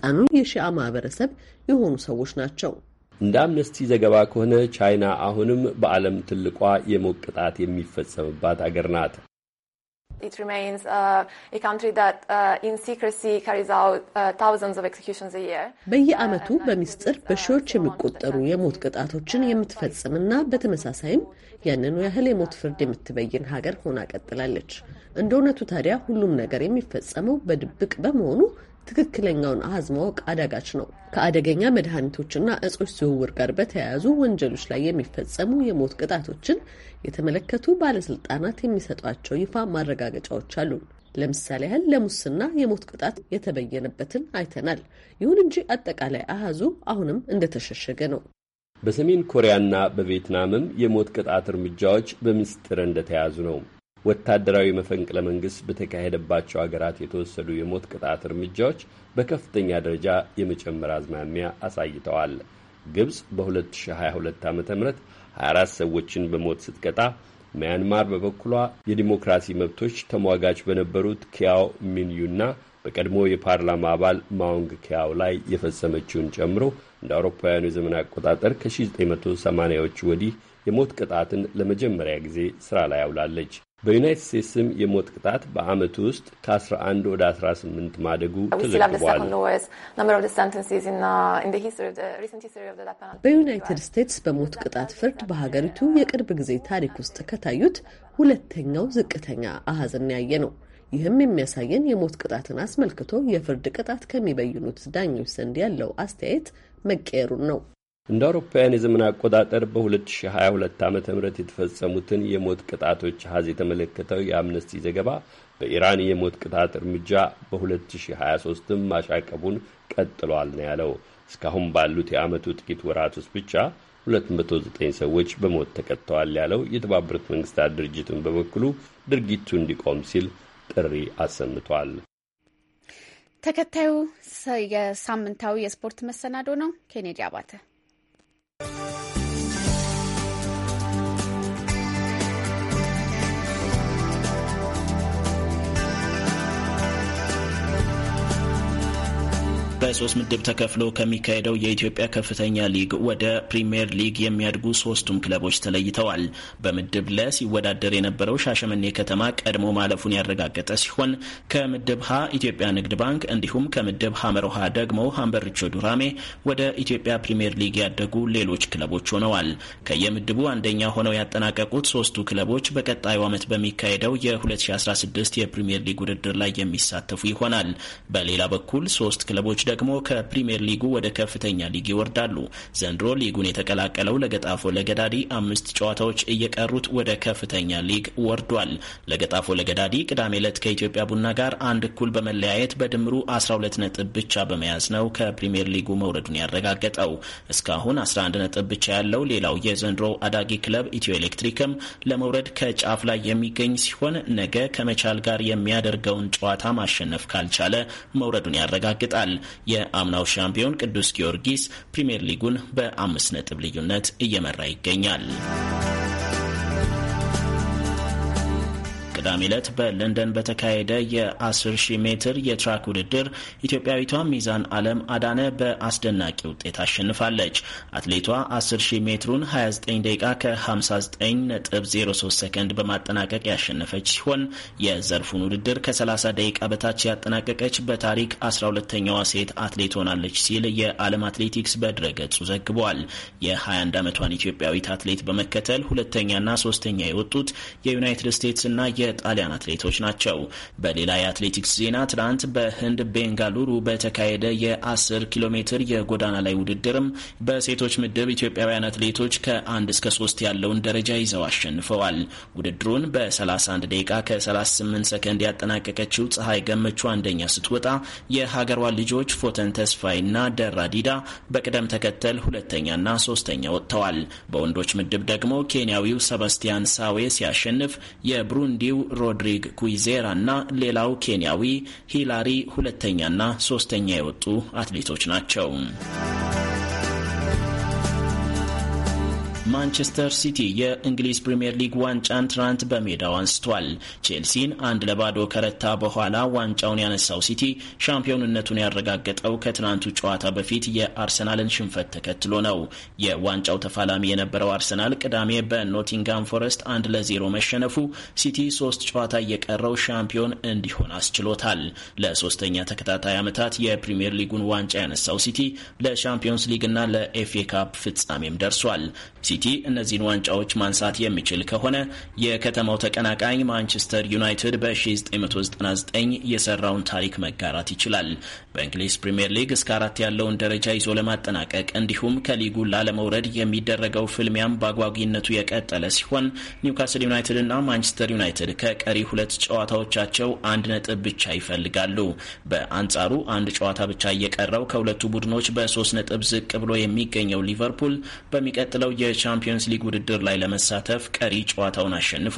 ጣኑ የሺአ ማህበረሰብ የሆኑ ሰዎች ናቸው። እንደ አምነስቲ ዘገባ ከሆነ ቻይና አሁንም በዓለም ትልቋ የሞት ቅጣት የሚፈጸምባት አገር ናት። uh, uh, uh, በየዓመቱ በሚስጥር በሺዎች የሚቆጠሩ የሞት ቅጣቶችን የምትፈጽምና በተመሳሳይም ያንኑ ያህል የሞት ፍርድ የምትበይን ሀገር ሆና ቀጥላለች። እንደ እውነቱ ታዲያ ሁሉም ነገር የሚፈጸመው በድብቅ በመሆኑ ትክክለኛውን አሃዝ ማወቅ አዳጋች ነው። ከአደገኛ መድኃኒቶችና እጾች ዝውውር ጋር በተያያዙ ወንጀሎች ላይ የሚፈጸሙ የሞት ቅጣቶችን የተመለከቱ ባለስልጣናት የሚሰጧቸው ይፋ ማረጋገጫዎች አሉ። ለምሳሌ ያህል ለሙስና የሞት ቅጣት የተበየነበትን አይተናል። ይሁን እንጂ አጠቃላይ አሃዙ አሁንም እንደተሸሸገ ነው። በሰሜን ኮሪያና በቪየትናምም የሞት ቅጣት እርምጃዎች በምስጢር እንደተያዙ ነው። ወታደራዊ መፈንቅለ መንግሥት በተካሄደባቸው አገራት የተወሰዱ የሞት ቅጣት እርምጃዎች በከፍተኛ ደረጃ የመጨመር አዝማሚያ አሳይተዋል። ግብፅ በ2022 ዓ ም 24 ሰዎችን በሞት ስትቀጣ፣ ሚያንማር በበኩሏ የዲሞክራሲ መብቶች ተሟጋች በነበሩት ኪያው ሚንዩና በቀድሞ የፓርላማ አባል ማውንግ ኪያው ላይ የፈጸመችውን ጨምሮ እንደ አውሮፓውያኑ የዘመን አቆጣጠር ከ1980ዎቹ ወዲህ የሞት ቅጣትን ለመጀመሪያ ጊዜ ስራ ላይ አውላለች። በዩናይትድ ስቴትስም የሞት ቅጣት በዓመቱ ውስጥ ከ11 ወደ 18 ማደጉ ተዘግቧል። uh, በዩናይትድ ስቴትስ በሞት ቅጣት ፍርድ በሀገሪቱ የቅርብ ጊዜ ታሪክ ውስጥ ከታዩት ሁለተኛው ዝቅተኛ አሃዝን ያየ ነው። ይህም የሚያሳየን የሞት ቅጣትን አስመልክቶ የፍርድ ቅጣት ከሚበይኑት ዳኞች ዘንድ ያለው አስተያየት መቀየሩን ነው። እንደ አውሮፓውያን የዘመን አቆጣጠር በ2022 ዓ ም የተፈጸሙትን የሞት ቅጣቶች አሃዝ የተመለከተው የአምነስቲ ዘገባ በኢራን የሞት ቅጣት እርምጃ በ2023ም ማሻቀቡን ቀጥሏል ነው ያለው። እስካሁን ባሉት የዓመቱ ጥቂት ወራት ውስጥ ብቻ 209 ሰዎች በሞት ተቀጥተዋል ያለው የተባበሩት መንግስታት ድርጅትን በበኩሉ ድርጊቱ እንዲቆም ሲል ጥሪ አሰምቷል። ተከታዩ የሳምንታዊ የስፖርት መሰናዶ ነው። ኬኔዲ አባተ በሶስት ምድብ ተከፍሎ ከሚካሄደው የኢትዮጵያ ከፍተኛ ሊግ ወደ ፕሪምየር ሊግ የሚያድጉ ሶስቱም ክለቦች ተለይተዋል። በምድብ ለ ሲወዳደር የነበረው ሻሸመኔ ከተማ ቀድሞ ማለፉን ያረጋገጠ ሲሆን ከምድብ ሀ ኢትዮጵያ ንግድ ባንክ እንዲሁም ከምድብ ሀመሮሃ ደግሞ ሀምበርቾ ዱራሜ ወደ ኢትዮጵያ ፕሪምየር ሊግ ያደጉ ሌሎች ክለቦች ሆነዋል። ከየምድቡ አንደኛ ሆነው ያጠናቀቁት ሶስቱ ክለቦች በቀጣዩ ዓመት በሚካሄደው የ2016 የፕሪምየር ሊግ ውድድር ላይ የሚሳተፉ ይሆናል። በሌላ በኩል ሶስት ክለቦች ደግሞ ከፕሪምየር ሊጉ ወደ ከፍተኛ ሊግ ይወርዳሉ። ዘንድሮ ሊጉን የተቀላቀለው ለገጣፎ ለገዳዲ አምስት ጨዋታዎች እየቀሩት ወደ ከፍተኛ ሊግ ወርዷል። ለገጣፎ ለገዳዲ ቅዳሜ ዕለት ከኢትዮጵያ ቡና ጋር አንድ እኩል በመለያየት በድምሩ 12 ነጥብ ብቻ በመያዝ ነው ከፕሪምየር ሊጉ መውረዱን ያረጋገጠው። እስካሁን 11 ነጥብ ብቻ ያለው ሌላው የዘንድሮ አዳጊ ክለብ ኢትዮ ኤሌክትሪክም ለመውረድ ከጫፍ ላይ የሚገኝ ሲሆን ነገ ከመቻል ጋር የሚያደርገውን ጨዋታ ማሸነፍ ካልቻለ መውረዱን ያረጋግጣል። የአምናው ሻምፒዮን ቅዱስ ጊዮርጊስ ፕሪምየር ሊጉን በአምስት ነጥብ ልዩነት እየመራ ይገኛል። ቅዳሜ ዕለት በለንደን በተካሄደ የ10 ሺህ ሜትር የትራክ ውድድር ኢትዮጵያዊቷ ሚዛን አለም አዳነ በአስደናቂ ውጤት አሸንፋለች። አትሌቷ 10 ሺህ ሜትሩን 29 ደቂቃ ከ59.03 ሰከንድ በማጠናቀቅ ያሸነፈች ሲሆን የዘርፉን ውድድር ከ30 ደቂቃ በታች ያጠናቀቀች በታሪክ 12ተኛዋ ሴት አትሌት ሆናለች ሲል የዓለም አትሌቲክስ በድረገጹ ዘግቧል። የ21 ዓመቷን ኢትዮጵያዊት አትሌት በመከተል ሁለተኛና ሶስተኛ የወጡት የዩናይትድ የ የጣሊያን አትሌቶች ናቸው። በሌላ የአትሌቲክስ ዜና ትናንት በህንድ ቤንጋሉሩ በተካሄደ የ10 ኪሎ ሜትር የጎዳና ላይ ውድድርም በሴቶች ምድብ ኢትዮጵያውያን አትሌቶች ከ1 እስከ 3 ያለውን ደረጃ ይዘው አሸንፈዋል። ውድድሩን በ31 ደቂቃ ከ38 ሰከንድ ያጠናቀቀችው ፀሐይ ገመቹ አንደኛ ስትወጣ የሀገሯ ልጆች ፎተን ተስፋይና ደራ ዲዳ በቅደም ተከተል ሁለተኛና ሶስተኛ ወጥተዋል። በወንዶች ምድብ ደግሞ ኬንያዊው ሰባስቲያን ሳዌ ሲያሸንፍ የብሩንዲው ፈረንሳዊው ሮድሪግ ኩይዜራ እና ሌላው ኬንያዊ ሂላሪ ሁለተኛና ሶስተኛ የወጡ አትሌቶች ናቸው። ማንቸስተር ሲቲ የእንግሊዝ ፕሪምየር ሊግ ዋንጫን ትናንት በሜዳው አንስቷል። ቼልሲን አንድ ለባዶ ከረታ በኋላ ዋንጫውን ያነሳው ሲቲ ሻምፒዮንነቱን ያረጋገጠው ከትናንቱ ጨዋታ በፊት የአርሰናልን ሽንፈት ተከትሎ ነው። የዋንጫው ተፋላሚ የነበረው አርሰናል ቅዳሜ በኖቲንጋም ፎረስት አንድ ለዜሮ መሸነፉ ሲቲ ሶስት ጨዋታ እየቀረው ሻምፒዮን እንዲሆን አስችሎታል። ለሶስተኛ ተከታታይ ዓመታት የፕሪምየር ሊጉን ዋንጫ ያነሳው ሲቲ ለሻምፒዮንስ ሊግና ለኤፍኤ ካፕ ፍጻሜም ደርሷል። ሲቲ እነዚህን ዋንጫዎች ማንሳት የሚችል ከሆነ የከተማው ተቀናቃኝ ማንቸስተር ዩናይትድ በ1999 የሰራውን ታሪክ መጋራት ይችላል። በእንግሊዝ ፕሪምየር ሊግ እስከ አራት ያለውን ደረጃ ይዞ ለማጠናቀቅ እንዲሁም ከሊጉ ላለመውረድ የሚደረገው ፍልሚያም በአጓጊነቱ የቀጠለ ሲሆን ኒውካስል ዩናይትድ እና ማንቸስተር ዩናይትድ ከቀሪ ሁለት ጨዋታዎቻቸው አንድ ነጥብ ብቻ ይፈልጋሉ። በአንጻሩ አንድ ጨዋታ ብቻ እየቀረው ከሁለቱ ቡድኖች በሶስት ነጥብ ዝቅ ብሎ የሚገኘው ሊቨርፑል በሚቀጥለው የ ቻምፒየንስ ሊግ ውድድር ላይ ለመሳተፍ ቀሪ ጨዋታውን አሸንፎ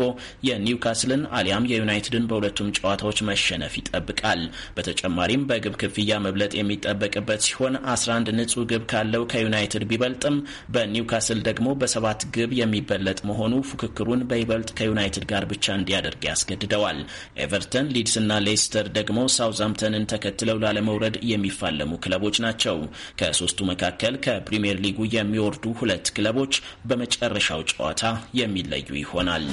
የኒውካስልን አሊያም የዩናይትድን በሁለቱም ጨዋታዎች መሸነፍ ይጠብቃል። በተጨማሪም በግብ ክፍያ መብለጥ የሚጠበቅበት ሲሆን 11 ንጹህ ግብ ካለው ከዩናይትድ ቢበልጥም በኒውካስል ደግሞ በሰባት ግብ የሚበለጥ መሆኑ ፉክክሩን በይበልጥ ከዩናይትድ ጋር ብቻ እንዲያደርግ ያስገድደዋል። ኤቨርተን፣ ሊድስ እና ሌስተር ደግሞ ሳውዝሃምፕተንን ተከትለው ላለመውረድ የሚፋለሙ ክለቦች ናቸው። ከሶስቱ መካከል ከፕሪምየር ሊጉ የሚወርዱ ሁለት ክለቦች በመጨረሻው ጨዋታ የሚለዩ ይሆናል።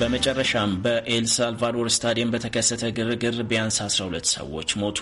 በመጨረሻም በኤልሳልቫዶር ስታዲየም በተከሰተ ግርግር ቢያንስ 12 ሰዎች ሞቱ።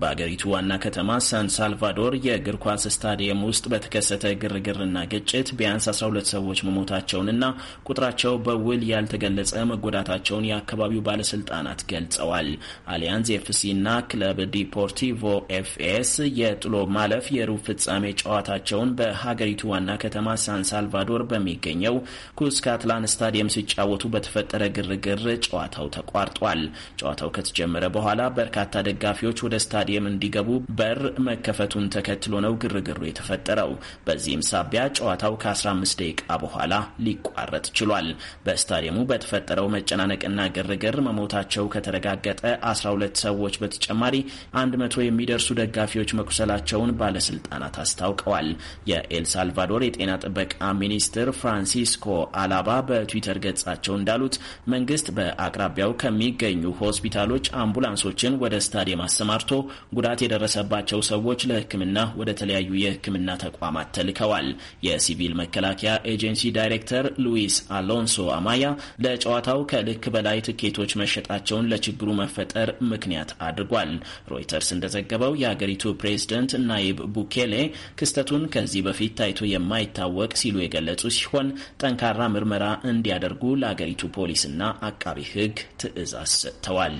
በአገሪቱ ዋና ከተማ ሳን ሳልቫዶር የእግር ኳስ ስታዲየም ውስጥ በተከሰተ ግርግርና ግጭት ቢያንስ 12 ሰዎች መሞታቸውንና ቁጥራቸው በውል ያልተገለጸ መጎዳታቸውን የአካባቢው ባለስልጣናት ገልጸዋል። አሊያንዝ ኤፍሲና ክለብ ዲፖርቲቮ ኤፍኤስ የጥሎ ማለፍ የሩብ ፍጻሜ ጨዋታቸውን በሀገሪቱ ዋና ከተማ ሳን ሳልቫዶር በሚገኘው ኩስካትላን ስታዲየም ሲጫወቱ በት በተፈጠረ ግርግር ጨዋታው ተቋርጧል። ጨዋታው ከተጀመረ በኋላ በርካታ ደጋፊዎች ወደ ስታዲየም እንዲገቡ በር መከፈቱን ተከትሎ ነው ግርግሩ የተፈጠረው። በዚህም ሳቢያ ጨዋታው ከ15 ደቂቃ በኋላ ሊቋረጥ ችሏል። በስታዲየሙ በተፈጠረው መጨናነቅና ግርግር መሞታቸው ከተረጋገጠ 12 ሰዎች በተጨማሪ 100 የሚደርሱ ደጋፊዎች መቁሰላቸውን ባለስልጣናት አስታውቀዋል። የኤልሳልቫዶር የጤና ጥበቃ ሚኒስትር ፍራንሲስኮ አላባ በትዊተር ገጻቸው እንዳሉ እንዳሉት መንግስት በአቅራቢያው ከሚገኙ ሆስፒታሎች አምቡላንሶችን ወደ ስታዲየም አሰማርቶ ጉዳት የደረሰባቸው ሰዎች ለሕክምና ወደ ተለያዩ የሕክምና ተቋማት ተልከዋል። የሲቪል መከላከያ ኤጀንሲ ዳይሬክተር ሉዊስ አሎንሶ አማያ ለጨዋታው ከልክ በላይ ትኬቶች መሸጣቸውን ለችግሩ መፈጠር ምክንያት አድርጓል። ሮይተርስ እንደዘገበው የአገሪቱ ፕሬዝደንት ናይብ ቡኬሌ ክስተቱን ከዚህ በፊት ታይቶ የማይታወቅ ሲሉ የገለጹ ሲሆን ጠንካራ ምርመራ እንዲያደርጉ ለአገሪቱ ፖሊስና አቃቢ ሕግ ትዕዛዝ ሰጥተዋል።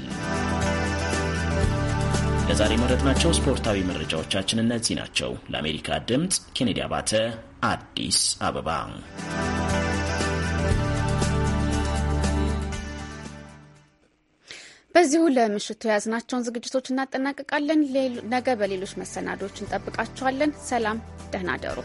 ለዛሬ የመረጥናቸው ስፖርታዊ መረጃዎቻችን እነዚህ ናቸው። ለአሜሪካ ድምፅ ኬኔዲ አባተ፣ አዲስ አበባ። በዚሁ ለምሽቱ የያዝናቸውን ዝግጅቶች እናጠናቅቃለን። ነገ በሌሎች መሰናዶዎች እንጠብቃችኋለን። ሰላም፣ ደህና ደሩ።